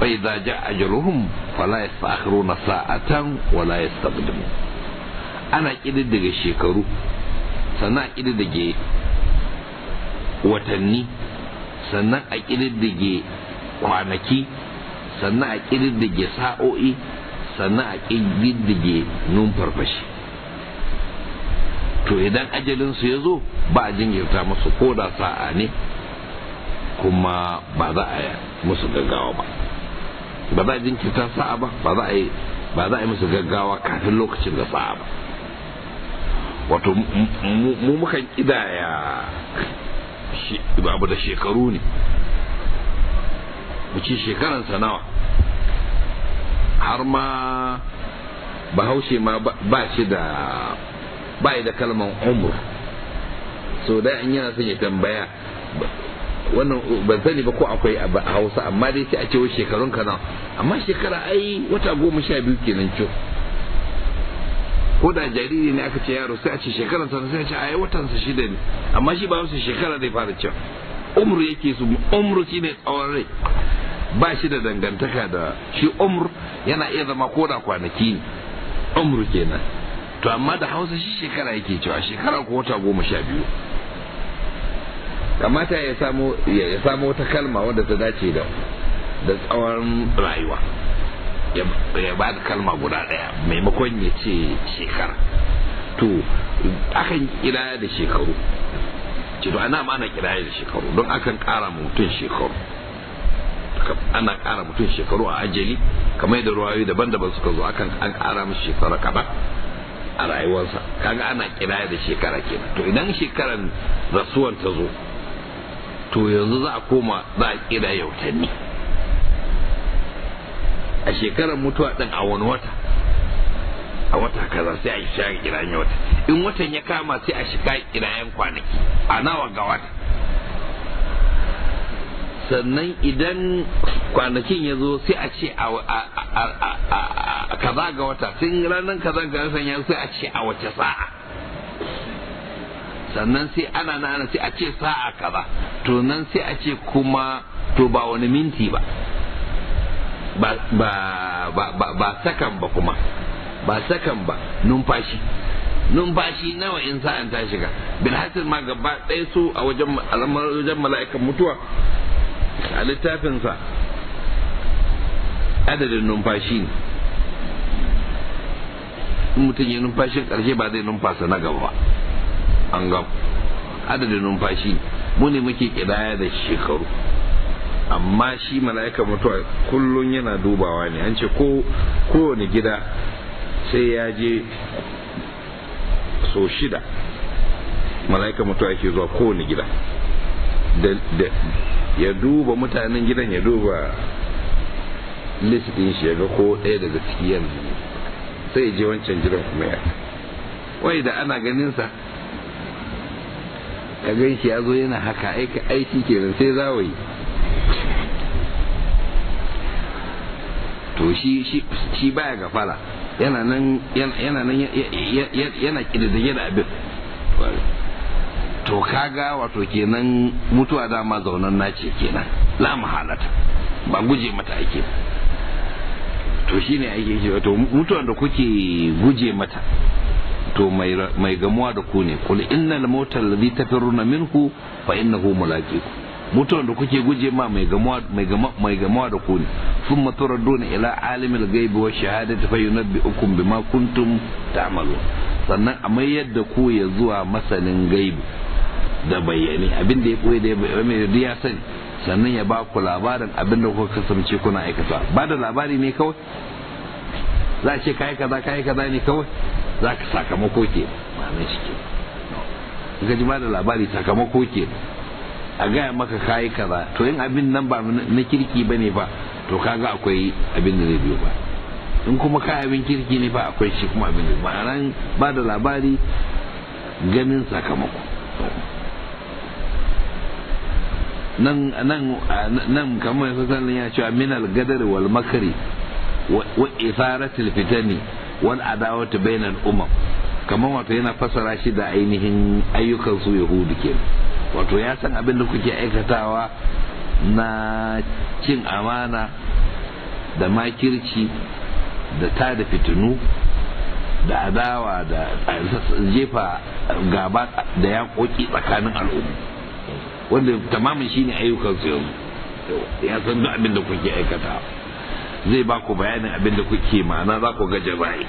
فإذا جاء أجلهم فلا يستأخرون ساعة ولا يستقدمون أنا ana دقى شكرو سنة كده دقى وتني sannan a ƙididdige kwanaki sannan a ƙididdige sa'o'i sannan a ƙididdige numfarfashi to idan su ya zo ba a jinkirta masu koda sa'a ne kuma ba za a yi musu gaggawa ba ba za a jinkirta sa'a ba ba za a yi masa musu gaggawa kafin lokacin da sa'a ba wato mu mukan kidaya abu da shekaru ne mu shekaran shekaransa nawa har ma bahaushe ma ba shi da ba yi da kalman umur so da in yana son ya tambaya wannan ban sani ba ko akwai a hausa amma dai sai a ce shekarun ka nan amma shekara ai wata goma sha biyu kenan co ko da jariri ne aka ce yaro sai a ce shekaran sa sai a ce ai watan sa shida ne amma shi ba su shekara zai fara cewa umru yake su umru ne tsawon rai ba shi da dangantaka da shi umru yana iya zama ko da kwanaki ne umru kenan to amma da hausa shi shekara yake cewa shekara ko wata goma sha biyu kamata ya samu ya samu wata kalma wadda ta dace da da tsawon rayuwa ya ba da kalma guda daya maimakon ya ce shekara to akan kira da shekaru ce to ana ana kira da shekaru don akan kara mutum shekaru ana kara mutum shekaru a ajali kamar da ruwayoyi daban-daban suka zo akan an kara mu shekara kaba a rayuwarsa kaga ana kira da shekara kenan to idan shekaran rasuwan ta zo to yanzu za a koma za a kira yautanni a shekarar mutuwa ɗin a wani wata a wata kaza sai a yi shaga kirayen wata in watan ya kama sai a shiga kirayen kwanaki a nawa ga wata sannan idan kwanakin ya zo sai a ce a kaza ga wata sun ranar kaza ga wata sai a ce a wace sa'a sannan sai ana nana sai a ce sa'a kaza to nan sai a ce kuma to ba wani minti ba ba ba sakan ba kuma ba sakan ba numfashi numfashi nawa in sa'an ta shiga bilhassan ma gaba ɗaya su a wajen mala'ikan mutuwa a littafinsa adadin numfashi ne mutum ya numfashin ƙarshe ba zai numfasa na gaba ba an ga adadin numfashi mu ne muke kidaya da shekaru amma shi mala'ika mutuwa kullum yana dubawa ne an ce ko kowane gida sai ya je so shida mala'ika mutuwa yake zuwa kowane gida ya duba mutanen gidan ya duba listin shi ya ga ko ɗaya daga ciki yanzu sai ya je wancan gidan kuma ya wai da ana ganin sa ka gan shi ya zo yana haka aiki ke kenan sai zawayi to shi shi shi baya gafala yana nan yana nan yana kididdige da abin to kaga wato kenan mutuwa dama zaunan nace kenan la mahalata ba guje mata ake to shine ake wato mutuwa da kuke guje mata wato mai gamuwa da ku ne kul innal mautal ladhi tafiruna minhu fa innahu mulaqiku mutuwan da kuke guje ma mai gamuwa mai gama mai gamuwa da ku ne thumma turadduna ila alimil ghaibi wash shahadati fayunabbi'ukum bima kuntum ta'malun sannan a yadda ku ya zuwa masanin gaibi da bayyane abin da ya koyi da ya ya sani sannan ya ba ku labarin abin da kuka kasance kuna aikata ba da labari ne kawai za ce kai za kai kaza ne kawai za ka sakamako ke ma'ana shi ke ga jima da labari sakamako ke a gaya maka ka kaza to yin abin nan ba na kirki ba ne ba to kaga akwai abin da zai biyo ba in kuma kai abin kirki ne ba akwai shi kuma abin da ma'anar ba da labari ganin sakamako nan nan nan kamar sassan ya ce minal gadar wal makari wa ifaratul fitani wal adawatu bainal umam kamar wato yana fasara shi da ainihin ayyukan su yahudu ke wato ya san abin da kuke aikatawa na cin amana da makirci da ta da fitinu da adawa da jefa gaba da yaƙoƙi tsakanin al'umma wanda tamamin shine ayyukan su yanzu ya san abin da kuke aikatawa zai ba ku bayanin abin da kuke ma'ana za ku ga jaba'i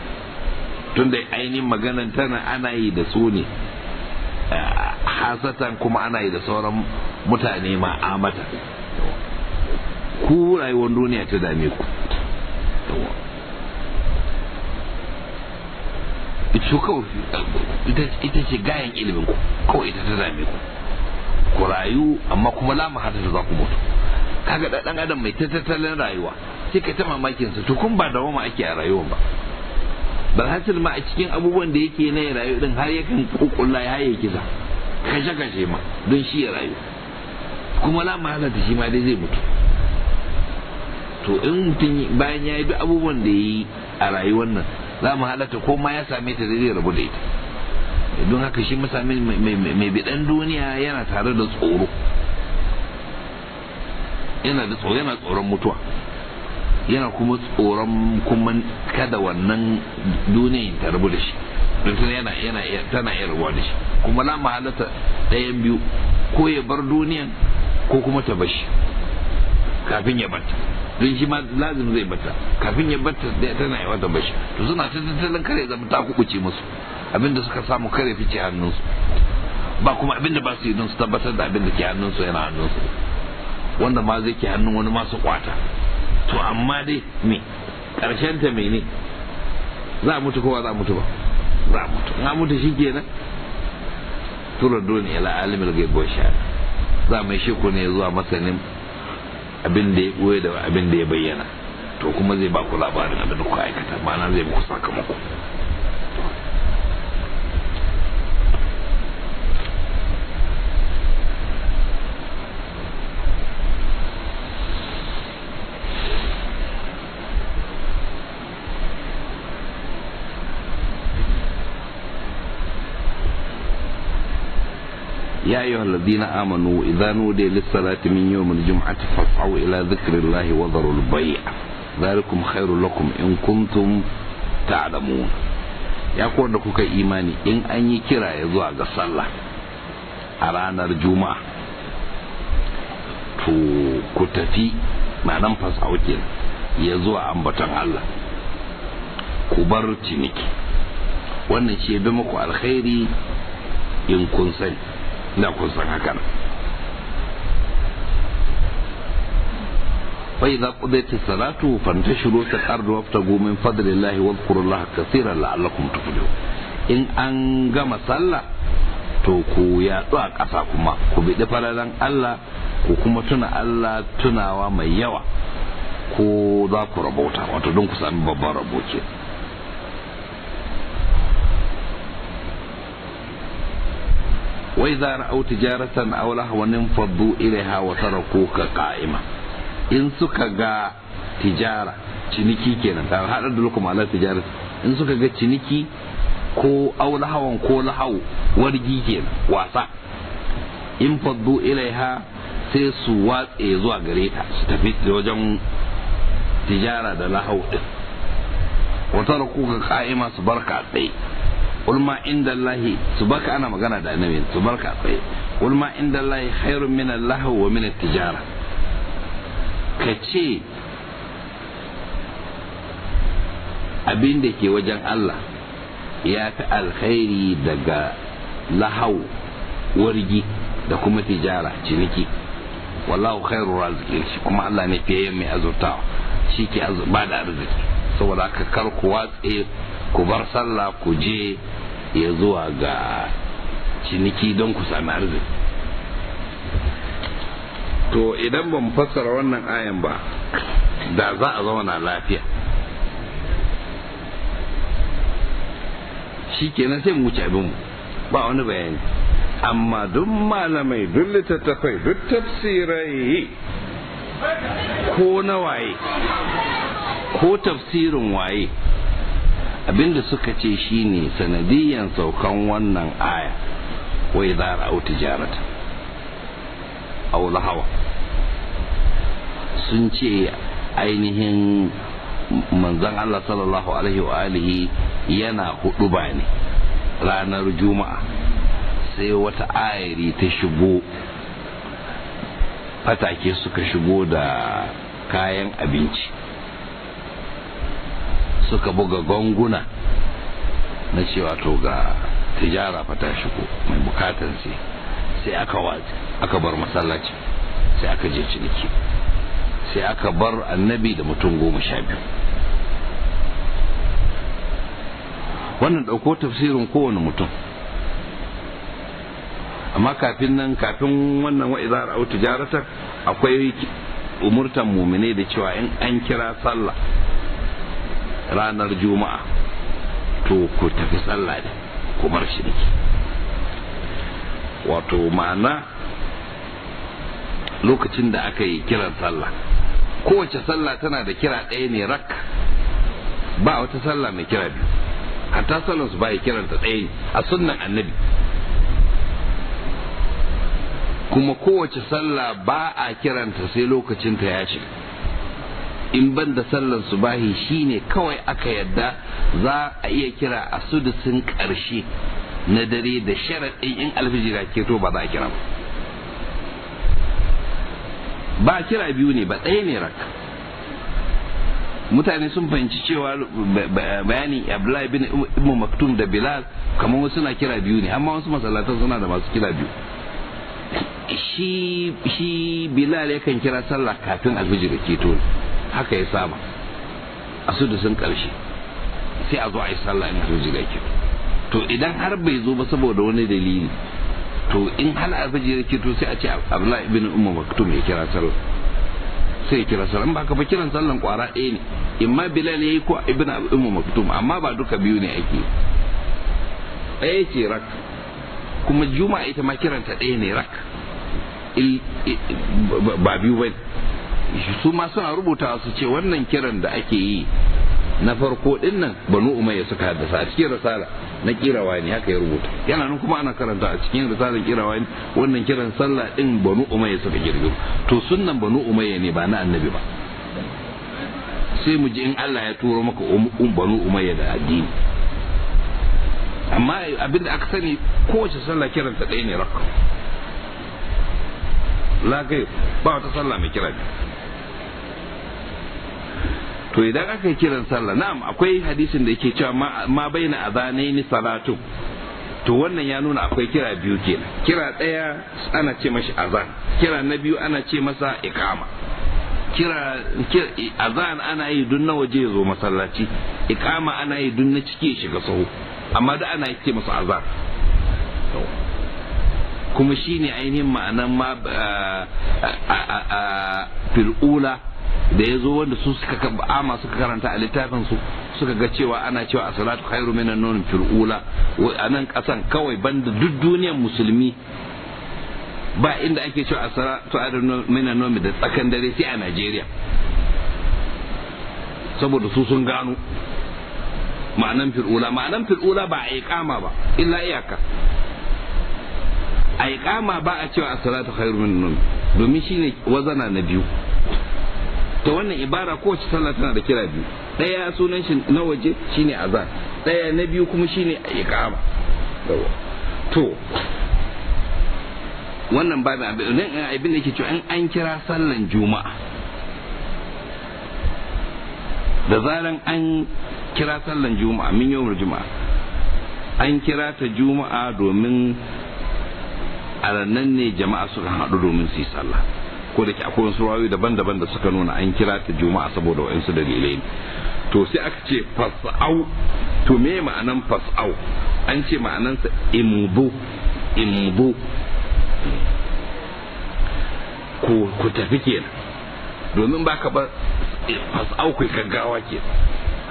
tun da ainihin maganan tana ana yi da su ne hasatan kuma ana yi da sauran mutane ma'amata ku rayuwar duniya ta dame ku ita ce gayan ilimin ku kawai ita ta dame ku ku rayu amma kuma lamu hata za ku mutu kaga ɗan adam mai tattalin rayuwa sai ta mamakin su tukun ba da wama ake a rayuwa ba hasil ma a cikin abubuwan da yake na rayu din har yakan kukulla ya yi kiza kashe kashe ma don shi ya rayu kuma la mahala shi ma dai zai mutu to in mutum bayan ya yi bi abubuwan da ya yi a rayuwar nan za mu halatta ko ma ya same ta zai rabu da ita don haka shi masami mai biɗan duniya yana tare da tsoro yana da tsoro yana tsoron mutuwa yana kuma tsoron kuma kada wannan duniyan ta rabu da shi don yana yana tana iya rabuwa da shi kuma la mahalata ɗayan biyu ko ya bar duniyan ko kuma ta bashi kafin ya bata don shi ma lazim zai bata kafin ya bata tana yawa ta bashi to suna ta tattalin kare zama ta kukuce musu abinda suka samu kare fice hannunsu ba kuma abinda ba su yi don su tabbatar da abinda ke hannunsu yana hannunsu wanda ma zai ke hannun wani masu kwata to amma dai me ta ne za a mutu kowa za a mutu ba za a mutu na mutu shi kenan tura doni ila alimil gaibo sha za mai shi ne zuwa masanin abin da ya ɓoye da abin da ya bayyana to kuma zai ba ku labarin abin da ku aikata ma'ana zai muku sakamako ya ayyuha alladhina amanu idza nudi lis salati min yawm al jum'ati fas'u ila dhikri llahi wa dharu al bay' dhalikum khayrul lakum in kuntum ta'lamun ya ku da kuka imani in an yi kira ya zuwa ga sallah a ranar juma'a to ku tafi ma nan fas'u ya zuwa ambatan Allah ku bar ciniki wannan ce bi muku alkhairi in kun sani da kun san hakan fa idza qudat as-salatu fantashiru fi al-ardi wabtagu min fadlillahi wadhkuru allaha katiran la'allakum tuflihun in an gama sallah to ku ya tsaya kasa kuma ku bi falalan Allah ku kuma tuna Allah tunawa mai yawa ko za ku rabauta wato don ku sami babban rabo wai وإذا رأوا تجارة أو wata انفضوا إليها ka'ima in suka ga تجارة ciniki kenan ta haɗar da lokacin ala tijara in suka ga ciniki ko aulahawan ko lahau wargi kenan wasa in faddu ilaiha sai su watse zuwa gare ta su tafi wajen tijara da lahau din wata kuka ka'ima su barka tsaye Kulma inda lahi su baka ana magana da annabi barka akwai kulma inda lahi khairun min lahu wa min tijara ka abin da ke wajen Allah ya fi alkhairi daga lahau wargi da kuma tijara ciniki wallahu khairu razikin shi kuma Allah ne fiye mai azurtawa shi ke ba da arziki saboda haka kar ku ku bar sallah ku je ya zuwa ga ciniki don ku sami arziki to idan ban fassara wannan ayan ba da za a zauna lafiya shi kenan sai mu wuce mu. ba wani bayani amma duk malamai duk littattafai duk tafsirai ko na waye ko tafsirin waye abinda suka ce shine sanadiyan saukan wannan aya wai za a tijarata aw hawa sun ce ainihin manzon Allah sallallahu alaihi wa alihi yana hudu ba ne ranar juma'a sai wata ayari ta shigo fatake suka shigo da kayan abinci suka buga gonguna na cewa to ga tijara fa ta shigo mai bukatar sai sai aka wace aka bar masallaci sai aka je ciniki sai aka bar annabi da mutum goma sha biyu wannan ɗauko tafsirin kowane mutum amma kafin nan kafin wannan wa'iza ra'au tijaratar akwai umurtan mumine da cewa in an kira sallah ranar juma'a to ku tafi sallah ne ku bar shi nake wato ma'ana lokacin da aka yi kiran sallah kowace sallah tana da kira ɗaya ne rak ba wata sallah mai kira biyu hatta sallar su ba kiranta ɗaya ne a sunnan annabi kuma kowace sallah ba a kiranta sai lokacinta ya shiga in ban da sallar subahi shine kawai aka yadda za a iya kira a sudusin ƙarshe na dare da sharaɗin in alfijira ke to ba za a kira ba ba kira biyu ne ba ɗaya ne rak mutane sun fahimci cewa bayani abdullahi bin umm, ibn maktum da bilal kamar wasu na kira biyu ne amma wasu masallatan suna da masu kira biyu shi bilal yakan kira sallah kafin alfijira ke to haka ya saba a sun karshe sai a zo a yi sallah in fito ke to idan har bai zo ba saboda wani dalili to in hal alfajir ke to sai a ce abdullahi ibn umma maktum ya kira sallah sai ya kira sallah in ba ka fa kiran sallan kwara ɗaya ne imma bilal yayi ko ibn umma maktum amma ba duka biyu ne ake ɗaya ce rak kuma juma'a ita ma kiranta ɗaya ne rak ba biyu ba su ma suna rubuta su ce wannan kiran da ake yi na farko din nan banu umayya suka haddasa a cikin risala na kirawa ne haka ya rubuta yana nan kuma ana karanta a cikin risalar kirawa ne wannan kiran sallah din banu umayya suka girgiro to sunnan banu umayya ne ba na annabi ba sai mu ji in Allah ya turo maka um, um banu umayya da addini amma abinda aka sani kowace sallah ta ɗaya ne rakka la ba wata sallah mai kira ne to idan aka kiran sallah na'am akwai hadisin da yake cewa ma baina azanaini salatu to wannan ya nuna akwai kira biyu kenan kira ɗaya ana ce mashi azan kira na biyu ana ce masa ikama kira azan ana yi dun na waje ya zo masallaci ikama ana yi dun na cike shiga sahu amma da ana ce masa azan kuma shine ainihin ma'anan ma eh, eh, eh, fil'ula da ya zo wanda su suka ama suka karanta a littafin su suka ga cewa ana cewa a salatu khairu minan nun fir'ula a nan kasan kawai banda duk duniyar musulmi ba inda ake cewa a salatu minan nun da tsakan dare sai a Najeriya saboda su sun gano ma'anan fir'ula ma'anan fir'ula ba a iqama ba illa iyaka a iqama ba a cewa a salatu khairu minan nun domin shine wazana na biyu to wannan ibara kowace sallah tana da kira biyu ɗaya sunan shi na waje shine azan ɗaya na biyu kuma shine iqama to wannan ba babu abin da ke cewa in an kira sallan juma'a da zaran an kira sallan juma'a min yawon juma'a an kira ta juma'a domin a ne jama'a suka haɗu domin su yi sallah ko da ke akwai wasu rawayoyi daban-daban da suka nuna an kira ta juma'a saboda wa'insu dalilai to sai aka ce fas'au to me ma'anan fas'au an ce ma'anansa imbu imbu ku ku tafi kenan domin baka ba fas'au ku gaggawa kenan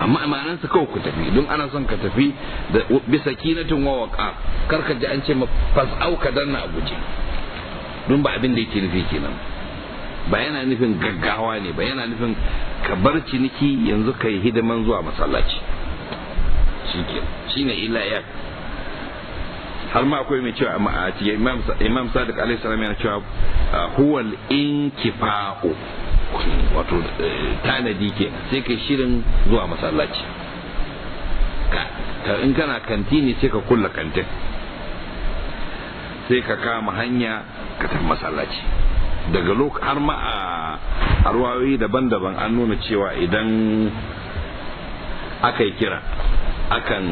amma ma'anansa kawai ku tafi don ana son ka tafi da bisa kinatin wawaka kar ka ji an ce ma fas'au ka danna a guje don ba abin da yake nufi kenan ba yana nufin gaggawa ne ba yana nufin ka bar ciniki yanzu ka yi hidiman zuwa masallaci shi ne illa ya har ma akwai mai cewa a imam sadiq alaihi salam yana cewa huwal inkifa'u wato eh, tanadi kenan sai kai shirin zuwa masallaci in kana kanti ne sai ka kulla kantin sai ka kama hanya ka tafi masallaci daga lok har ma a ruwayoyi daban-daban an nuna cewa idan aka yi kira akan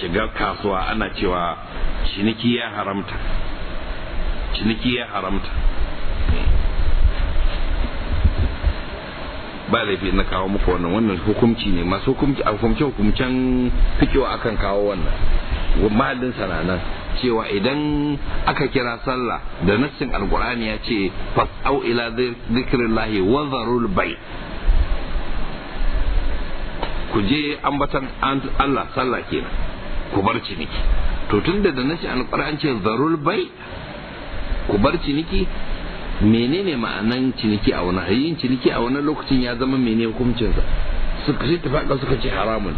shiga kasuwa ana cewa ciniki ya haramta ciniki ya haramta ba laifi na kawo muku wannan wannan hukumci ne masu hukumci a hukumce hukumcen fikewa akan kawo wannan mahallin nan. cewa idan aka kira sallah da nassin alkur'ani ya ce fas'au ila zikrillahi wa zarul bai ku je ambatan Allah sallah kenan ku bar ciniki to tunda da nashin alkur'ani ce zarul bai ku bar ciniki menene ma'anan ciniki a wani yin ciniki a wani lokacin ya zama menene hukuncinsa suka shi tafaɗa suka ce haramun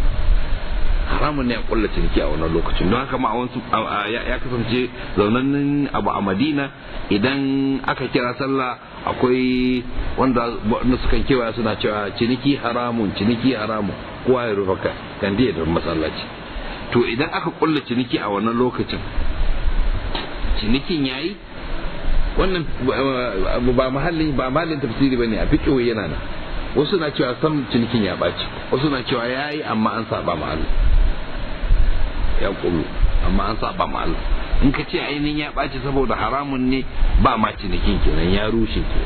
haramun ne a kulla ciniki a wannan lokacin don haka ma ya kasance zaunannin abu a madina idan aka kira sallah akwai wanda sukan kewaya suna cewa ciniki haramun ciniki haramun kowa ya rufa kan da masallaci to idan aka kulla ciniki a wannan lokacin cinikin yayi wannan ba mahallin ba mahallin tafsiri bane a fiqh yana nan wasu na cewa san cinikin ya ɓaci wasu na cewa ya yi amma an saba ma Allah ya ƙulu amma an saba ma Allah in ka ce ainihin ya ɓaci saboda haramun ne ba ma cinikin kenan ya rushe ke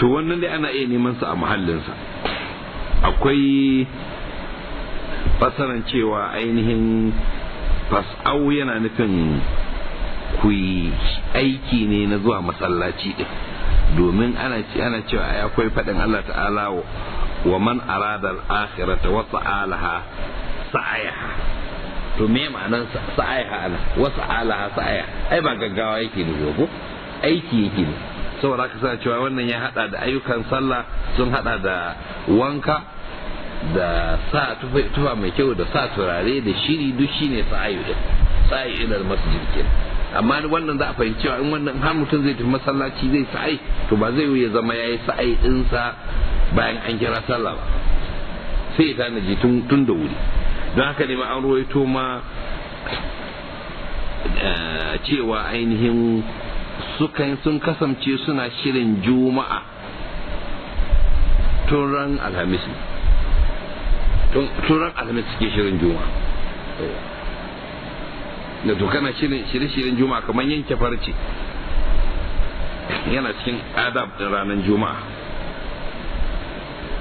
to wannan dai ana iya neman sa a muhallinsa akwai fasaran cewa ainihin fas'au yana nufin ku aiki ne na zuwa masallaci din domin ana ana cewa ai akwai faɗin Allah ta'ala wa man arada al-akhirata wa sa'alaha sa'aya to me ma'anar sa'aya ana wa sa'alaha sa'aya ai ba gaggawa yake ne ko aiki yake ne saboda ka sa cewa wannan ya hada da ayyukan sallah sun hada da wanka da sa tufa mai kyau da sa turare da shiri duk shine sa'ayu din sa'ayu ilal masjid kenan amma wannan za a fahimci cewa in wannan har mutum zai tafi masallaci zai sa'ai to ba zai ya zama yayi sa'ai ɗinsa bayan an kira sallah ba sai ya tanaji tun da wuri don haka ne ma an ruwaito ma eh, cewa ainihin sukan sun kasance suna shirin juma'a tun ran alhamis tun ran alhamis suke shirin juma'a da to kana shirye-shiryen juma'a kamar yanke farce yana cikin adab din ranar juma'a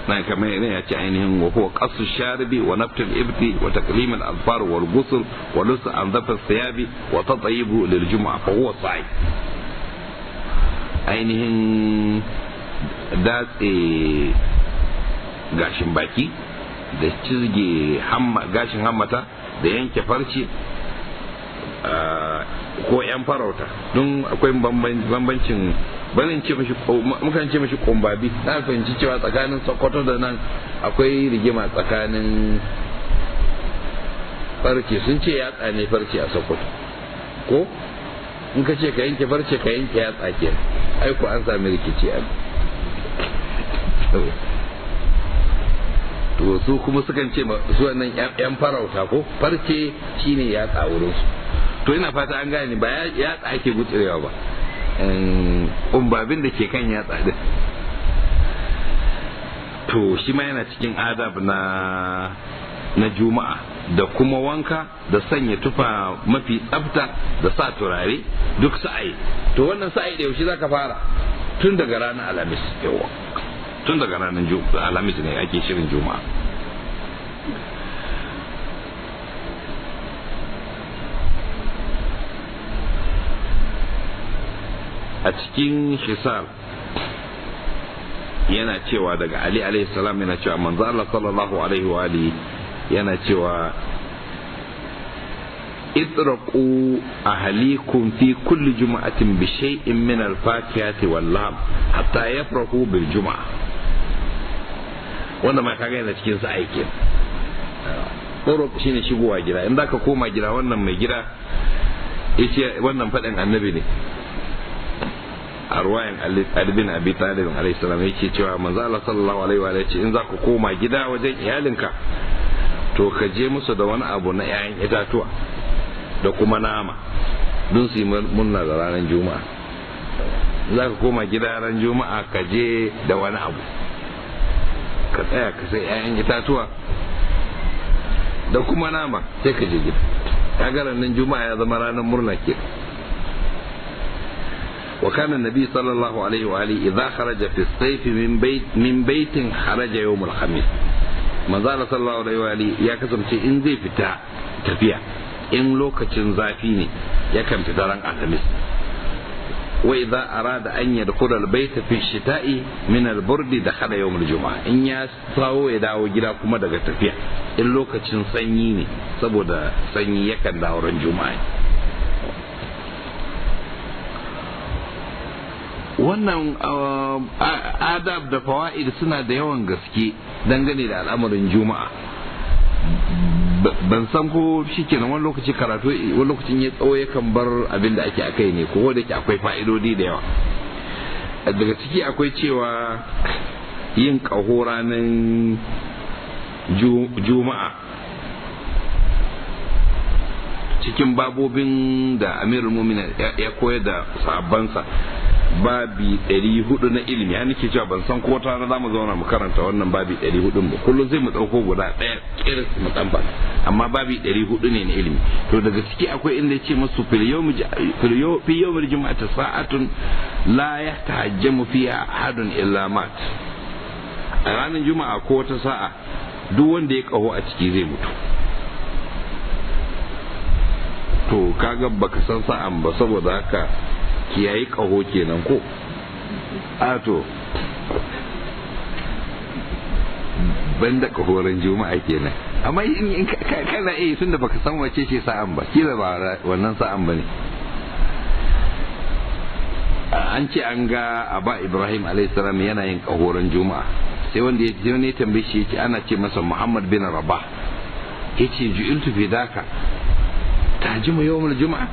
na kamar yana ya ce ainihin wa huwa qasu sharibi wa naftul ibti wa taklim al azfar wal ghusl wa lus an dhafa thiyabi wa tatayibu lil juma'a fa huwa sa'i ainihin datse gashin baki da cizge gashin hammata da yanke farce ko yan farauta don akwai bambancin barin ce mashi mukan ce mashi kumbabi na fahimci cewa tsakanin sokoto da nan akwai rigima tsakanin farce sun ce yatsa ne farce a sokoto ko in ka ce ka yanke farce ka yanke yatsa ke aiko an sami rikici a to su kuma sukan ce su wannan yan farauta ko farce shine yatsa wurin su to ina fata an gane ba yatsa ake gutsurewa ba umbabin da ke kan yatsa din to shi ma yana cikin adab na na juma'a da kuma wanka da sanya tufa mafi tsafta da sa turare duk sa'ayi to wannan sa'ayi da yaushe zaka fara tun daga ranar alhamis yawa tun daga ranar alhamis ne ake shirin juma'a a cikin hisar yana cewa daga ali alaihi salam yana cewa manzo Allah sallallahu alaihi wa alihi yana cewa fi اطرقوا bi shay'in min al بشيء wal-lahm hatta yafrahu bil بالجمعة wanda ma kaga yana cikin sa aikin tsoro shine shigowa gida in zaka koma gida wannan mai gida yace wannan fadin annabi ne a ruwayan Ali bin Abi Talib alayhi salam yake cewa manzo Allah sallallahu alaihi wa alihi in za ku koma gida wajen iyalinka to ka je musu da wani abu na 'ya'yan itatuwa da kuma nama don su yi murna da ranar juma'a za ka koma gida ran juma'a ka je da wani abu ka tsaya ka sai 'ya'yan itatuwa da kuma nama sai ka je gida kagaran nan juma'a ya zama ranar murna ke. وكان النبي صلى الله عليه وآله إذا خرج في الصيف من بيت من بيت خرج يوم الخميس manzala sallallahu alaihi wa ali ya kasance in zai fita tafiya in lokacin zafi ne yakan fita ran alhamis wa idza arada an yadkhula albayta fi shita'i min alburdi dakhala yawm aljuma'a in ya sawo ya dawo gida kuma daga tafiya in lokacin sanyi ne saboda sanyi yakan dawo ran juma'a wannan uh, adab da fawa'id suna da yawan gaske dangane da al'amarin juma'a ban san ko shi ke wani lokaci karatu wani lokacin ya tsawo yakan bar abin da ake akai ne ko da ke akwai fa'idodi da yawa daga ciki akwai cewa yin ƙaho ranar juma'a cikin babobin da amirul mumina ya koyar da sabansa babi 400 na ilimi ya nake cewa ban san ko ta za mu zauna mu karanta wannan babi 400 ba kullum zai mu dauko guda daya kiris mu tsamba amma babi 400 ne na ilimi to daga ciki akwai inda ya ce masu fi yawmil sa'atun la mu fiha ahadun illa mat a ranar juma'a ko wata sa'a duk wanda ya kaho a ciki zai mutu to kaga baka san sa'an ba saboda haka kiyayi kaho kenan ko a to banda kahoran juma'a kenan amma in kana eh tunda baka san wace ce sa'an ba kila ba wannan sa'an ba ne an ce an ga aba ibrahim alaihissalam yana yin kahoran juma'a sai wanda ya ji ne tambaye shi ana ce masa muhammad bin rabah yace ju'iltu fi daka ta tajimu yawmul juma'a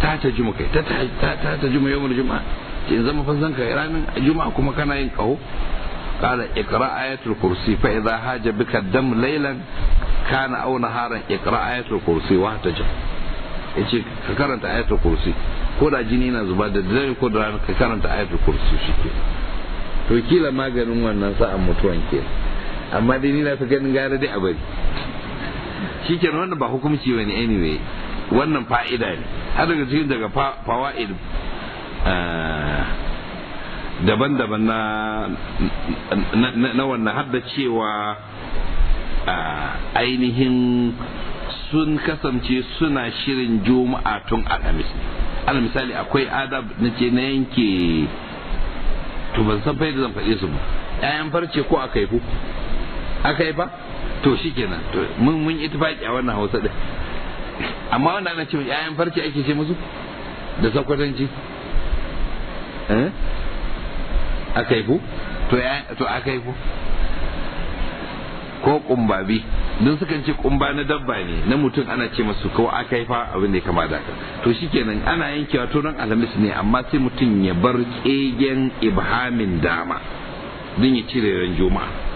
ta tajimu kai ta ta tajimu yawmul juma'a in zama fanzan kai ranar juma'a kuma kana yin kaho قال اقرا ايه الكرسي فاذا هاج بك الدم ليلا كان او نهارا اقرا ايه الكرسي واحتجب yace ka karanta ayatul kursi ko da jini yana zuba da dare ko da rana ka karanta ayatul kursi shi ke. to kila maganin wannan sa'an mutuwan ke amma dai ni na fi ganin gara dai a bari ke wannan ba hukumci wani anyway wannan fa'ida ne har daga cikin daga fawaid eh, daban-daban na na wannan har da cewa eh, ainihin sun kasance suna shirin juma'a tun alhamis ala misali akwai adab na ce na yanke to ban san fa zan faɗe su ba 'ya'yan farce ko a kaifu a kaifa to shi kenan mun mun itifaki a wannan hausa din amma wannan ana cewa ƴaƴan farce ake ce musu da sakwatanci eh aka yi to to aka yi ko kumbabi don suka ce kumba na dabba ne na mutum ana ce masu ko aka yi fa abin da ya kama da to shikenan ana yankewa to ran alhamis ne amma sai mutum ya bar kegen ibhamin dama don ya cire ran juma'a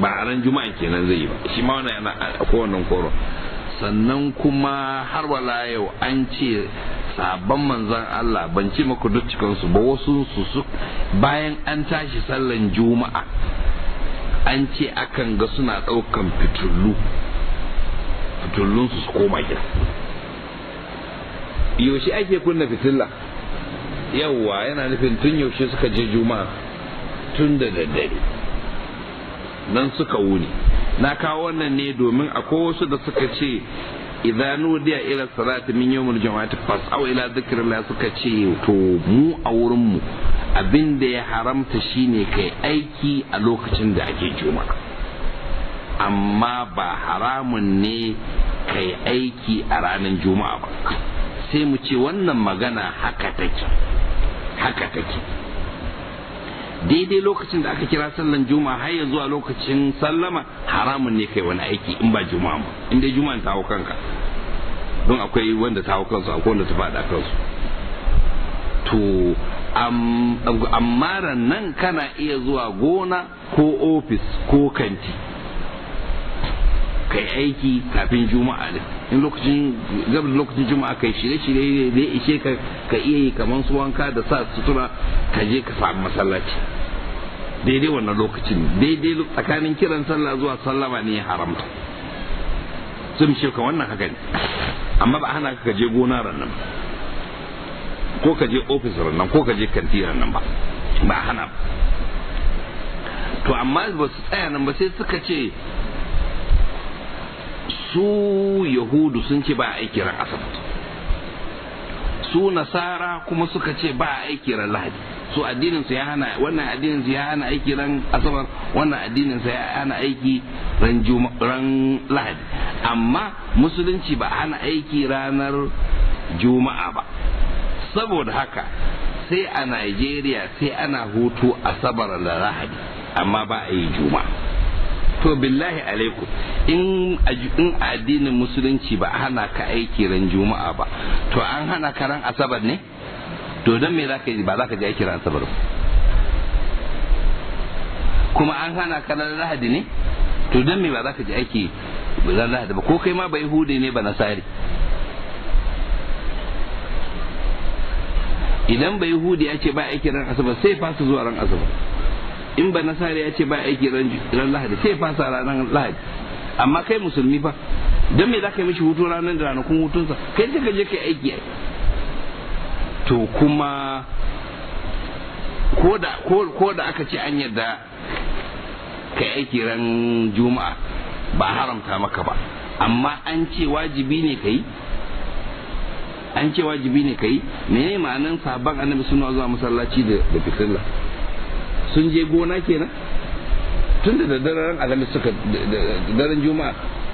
ba a ran juma'an kenan zai yi ba shi ma wannan yana a kowannan koro sannan kuma har wala yau an ce sabon manzan Allah ban ce maku duk cikansu ba wasu su bayan an tashi sallan juma'a an ce akan ga suna ɗaukan fitullu fitullunsu su koma gida yaushe ake kunna fitilla yauwa yana nufin tun yaushe suka je juma'a tun da daddare nan suka wuni na kawo wannan ne domin akwai wasu da suka ce idan nudiya ila salati min yawmil jama'ati aw ila dhikrillah suka ce to mu a wurin mu abin da ya haramta shine kai aiki a lokacin da ake juma'a amma ba haramun ne kai aiki a ranar juma'a ba sai mu ce wannan magana haka take haka take daidai lokacin da aka kira sallan juma'a har ya zuwa lokacin sallama haramun ne kai wani aiki in ba juma'a ba in dai juma'a ta hau kanka don akwai wanda ta hau kansu akwai wanda ta faɗa kansu to amma nan kana iya zuwa gona ko ofis ko kanti kai aiki kafin juma'a ne in lokacin gabar lokacin juma'a kai shirye-shirye zai ishe ka ka iya yi kamar su wanka da sa sutura ka je ka samu masallaci daidai wannan lokacin daidai tsakanin kiran sallah zuwa sallama ne ya haramta sun ce ka wannan haka ne amma ba hana ka je gona rannan ko ka je ofis rannan ko ka je kanti rannan ba ba hana ba to amma ba su tsaya nan ba sai suka ce su yahudu sun ce ba aiki ran asabar su nasara kuma suka ce ba aiki ran lahadi su addinin su ya hana wannan addinin su ya hana aiki ran asabar wannan addinin sa ya hana aiki ran ran lahadi amma musulunci ba hana aiki ranar juma'a ba saboda haka sai a Najeriya sai ana hutu asabar da lahadi amma ba a yi juma'a to billahi alaikum in in addinin musulunci ba hana ka aiki ran juma'a ba to an hana ka ran asabar ne to don me za ka yi ba za ka je aiki ran asabar kuma an hana ka ran lahadi ne to don me ba za ka je aiki ran lahadi ba ko kai ma bai hude ne ba nasari idan bai hude ya ce ba aiki ran asabar sai fasa zuwa ran asabar in ba nasari ya ce ba aiki ran lahadi sai fasa ranar lahadi amma kai musulmi fa don me za ka yi mishi hutu ranar da ranakun hutunsa kai sai ka je kai aiki to kuma ko da aka ce an yadda ka aiki ran juma'a ba haramta maka ba amma an ce wajibi ne ka yi an ce wajibi ne ka yi mene ma'anin sabon annabi suna zuwa masallaci da fitilla sun je gona kenan tun da daren alamis suka daren juma'a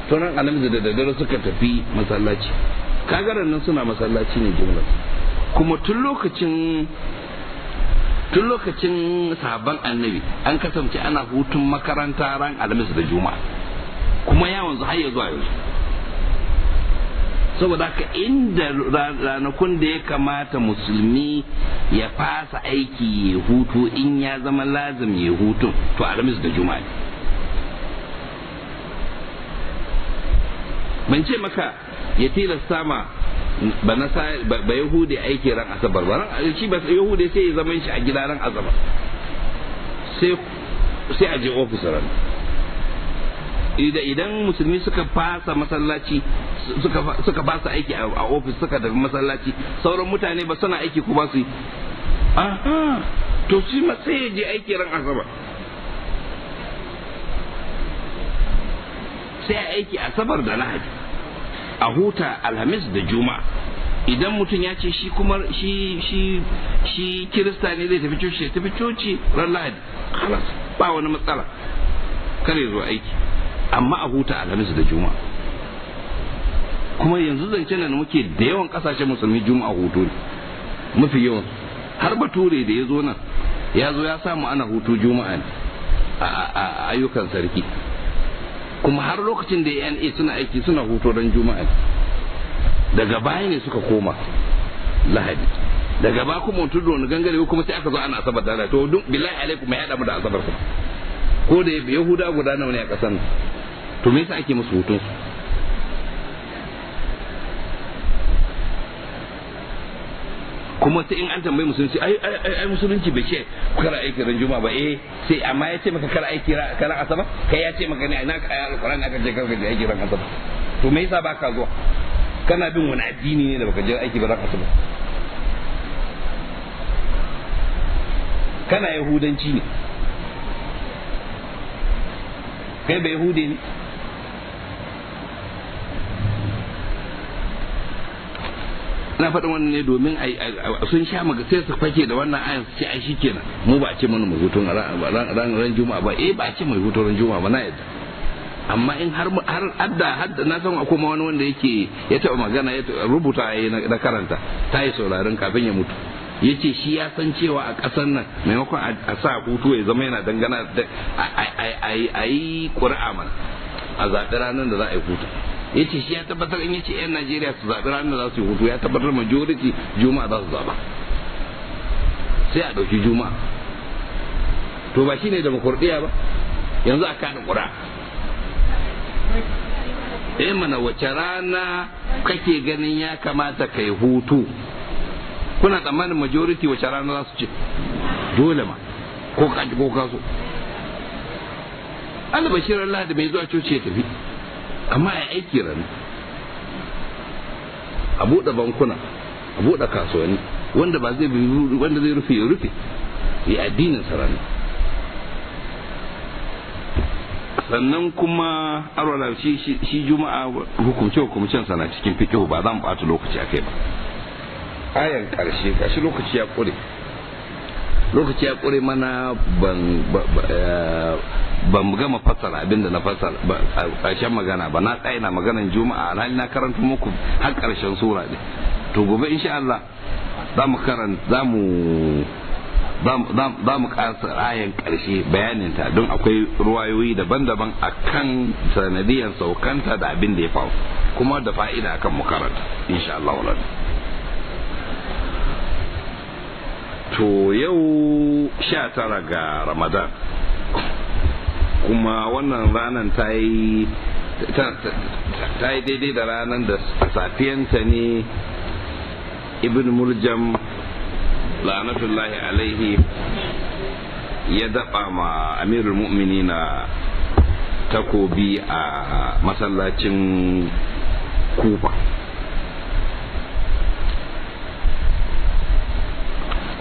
tun alamis da daren suka tafi masallaci kagaran nan suna masallaci ne jumlar kuma tun lokacin tun lokacin sabon annabi an kasance ana hutun makaranta ran alhamis da juma'a kuma ya wanzu har ya zuwa yanzu saboda ka inda ranakun da ya kamata musulmi ya fasa aiki ya hutu in ya zama lazim ya hutu to alhamis da juma'a ban ce maka ya tilasta ma ba na ba yahudi aiki ran asabar ba shi ba yahudi sai ya zama shi a gida ran asabar sai sai a je ofis ran idan musulmi suka fasa masallaci suka fasa aiki a ofis suka da masallaci sauran mutane ba suna aiki ko ba su yi to shi ma sai ya je aiki ran asabar sai aiki asabar da lahadi a huta alhamis da juma'a idan mutum ya ce shi kuma shi shi shi kirista ne zai tafi coci tafi coci ran lahadi halas ba wani matsala kare zo aiki amma a huta alhamis da juma'a kuma yanzu zance nan muke da yawan kasashen musulmi juma'a hutu ne mafi yawan har bature da ya zo nan ya zo ya samu ana hutu juma'a ne a ayyukan sarki kuma har lokacin da ANA suna aiki suna hutu don juma'a daga baya ne suka koma lahadi daga ba kuma tudu wani gangare kuma sai aka zo ana asabar da to duk billahi alaikum ya mu da asabar ko da yahuda guda nawa ne a kasan to me yasa ake musu hutun su kuma sai in an tambayi musulunci ai ai musulunci bai ce kar aiki ran juma'a ba eh sai amma ya ce maka kar aiki ran asaba kai ya ce maka ne ina alquran aka je kar ka aiki ran asaba to me yasa ka zuwa kana bin wani addini ne da baka je aiki ba ran asaba kana yahudanci ne kai bai yahudi ne na faɗin wannan ne domin sun sha maga sai su fake da wannan ayan su ce ai kenan mu ba a ce mana mai hutun ran juma'a ba eh ba a ce mai hutun ran juma'a ba na yadda amma in har har adda hadda na san akwai wani wanda yake ya taɓa magana ya rubuta yayi na karanta ta yi sauraron kafin ya mutu ya ce shi ya san cewa a ƙasar nan maimakon a sa hutu ya zama yana dangana a yi ƙuri'a mana a zaɓi ranar da za a yi hutu ya ce shi ya tabbatar in ya ce 'yan najeriya su zaɓi ranar za su yi hutu ya tabbatar majority juma'a za su zaɓa sai a ɗauki juma'a to ba da demokuraɗiyya ba yanzu a kada ƙura eh mana wace rana kake ganin ya kamata ka yi hutu kuna tsammanin majority wace rana za su ce dole ma ko kaji ko kaso Allah bashirar Allah da mai zuwa coci ya tafi amma a aiki rani a buɗe bankuna a buɗe kasuwanni wanda ba zai wanda zai rufe ya rufe ya addinin sa sannan kuma arwala shi shi juma'a hukumce hukumcen sana cikin fikihu ba zan ɓata lokaci akai ba ayan ƙarshe kashi lokaci ya ƙure lokaci ya kure mana eh, ban gama fassara abinda na fassara ƙarshen magana ba na tsaye na maganan juma'a alhali na karanta muku har ƙarshen sura ne to gobe insha Allah za mu karanta za mu ƙasa rayan ƙarshe bayaninta don akwai ruwayoyi daban-daban a kan sanadiyar saukanta da abin da ya faru kuma da fa'ida akan mu karanta insha Allah to yau sha tara ga ramadan kuma wannan ranar ta yi daidai da ranar da safiyanta ne ibn murjam la'anatullahi alaihi ya daba ma amirul na takobi a masallacin kufa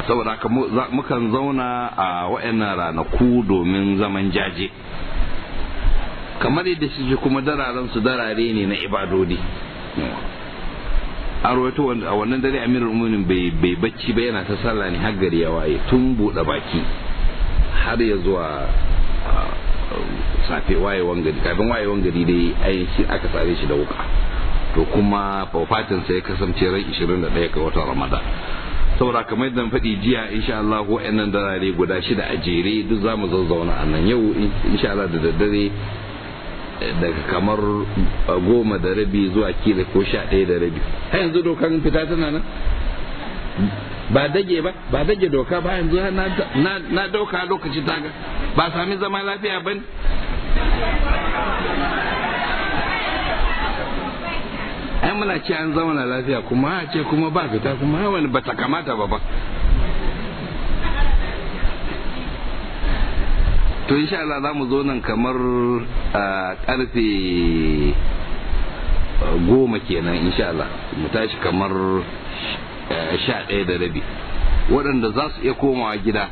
saboda haka mukan zauna a wa'annan ranaku domin zaman jaje kamar yadda suke kuma dararen su darare ne na ibadodi a rawaito a wannan dare amirul mu'minin bai bacci ba yana ta sallah ne har gari ya waye tun buɗe baki har ya zuwa safe wayewan gari kafin wayewan gari dai ainihin aka tsare shi da wuka to kuma fafatinsa ya kasance ran 21 ga watan ramadan saboda kamar yadda faɗi jiya insha Allah wa'annan darare guda shida a jere duk zamu zazzauna a nan yau insha Allah da daddare daga kamar goma da rabi zuwa kila ko sha ɗaya da rabi har yanzu dokan fita tana nan ba dage ba ba dage doka ba yanzu na doka lokaci ta ga ba sami zama lafiya ba ne ai muna ce an zauna lafiya kuma a ce kuma ba fita kuma wani ba ta kamata ba ba to insha Allah za mu zo nan kamar a karfe goma kenan insha Allah mu tashi kamar sha ɗaya da rabi waɗanda za su iya komawa gida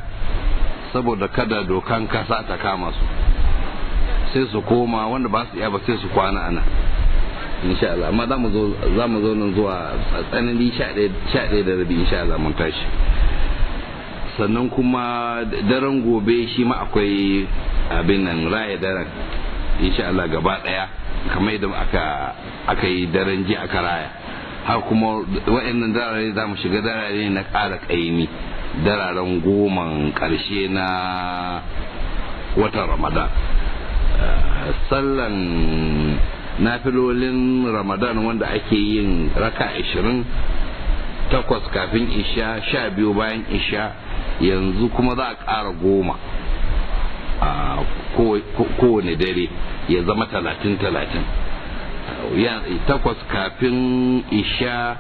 saboda kada dokan kasa ta kama su sai su koma wanda ba su iya ba sai su kwana a nan insha Allah amma za mu zo zamu zo nan zuwa tsanani 11 da rabi insha Allah mun tashi sannan kuma daren gobe shi ma akwai abin nan raya daren insha Allah gaba daya kamar yadda aka aka yi daren ji aka raya har kuma wa'annan darare za mu shiga darare na ƙara ƙaimi dararen goman karshe na watan ramadan eh, sallan na filolin ramadan wanda ake yin raka 20 takwas kafin isha sha biyu bayan isha yanzu kuma za a ƙara goma a kowane dare ya zama talatin talatin takwas kafin isha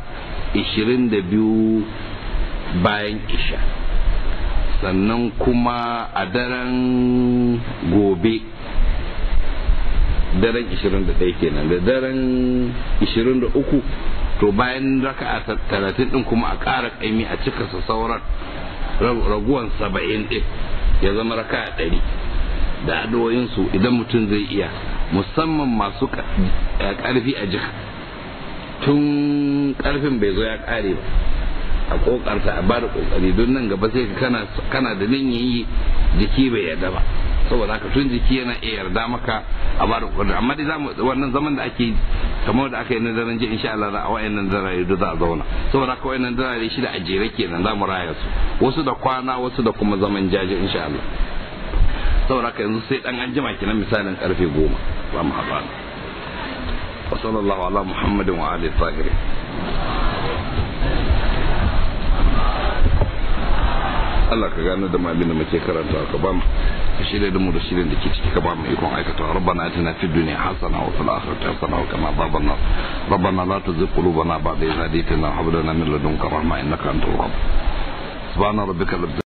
ishirin da biyu bayan isha sannan kuma a daren gobe daren 21 kenan da daren 23 to bayan raka a 30 din kuma a ƙara ƙaimi a cika sa sauran raguwan 70 din ya zama raka a 100 da adoyinsu idan mutum zai iya musamman masu eh, ƙarfi a jika tun ƙarfin bai zo ya ƙare ba a ƙoƙarta a bada ƙoƙari don nan gaba sai kana da nan yi jiki bai yadda ba saboda haka tun jiki yana iya yarda maka a ba da kudin amma dai wannan zaman da ake kamar da aka yi na daren jiya insha Allah a wayannan darare da za a zauna saboda haka wayannan darare shi a jere kenan za mu raya su wasu da kwana wasu da kuma zaman jaje insha Allah saboda haka yanzu sai dan jima kenan misalin karfe 10 ba mu haɗa wa sallallahu ala muhammadin wa alihi tahirin Allah ka gano da mabin da muke karanta ka ba mu shirye da mu da shirye da ke ciki ka ba mu ikon aikata rabbana atina fid dunya hasana wa fil akhirati hasana wa qina adhaban rabbana la tuzigh qulubana ba'da idh hadaytana wa hab lana min ladunka rahma innaka antal wahhab subhana rabbika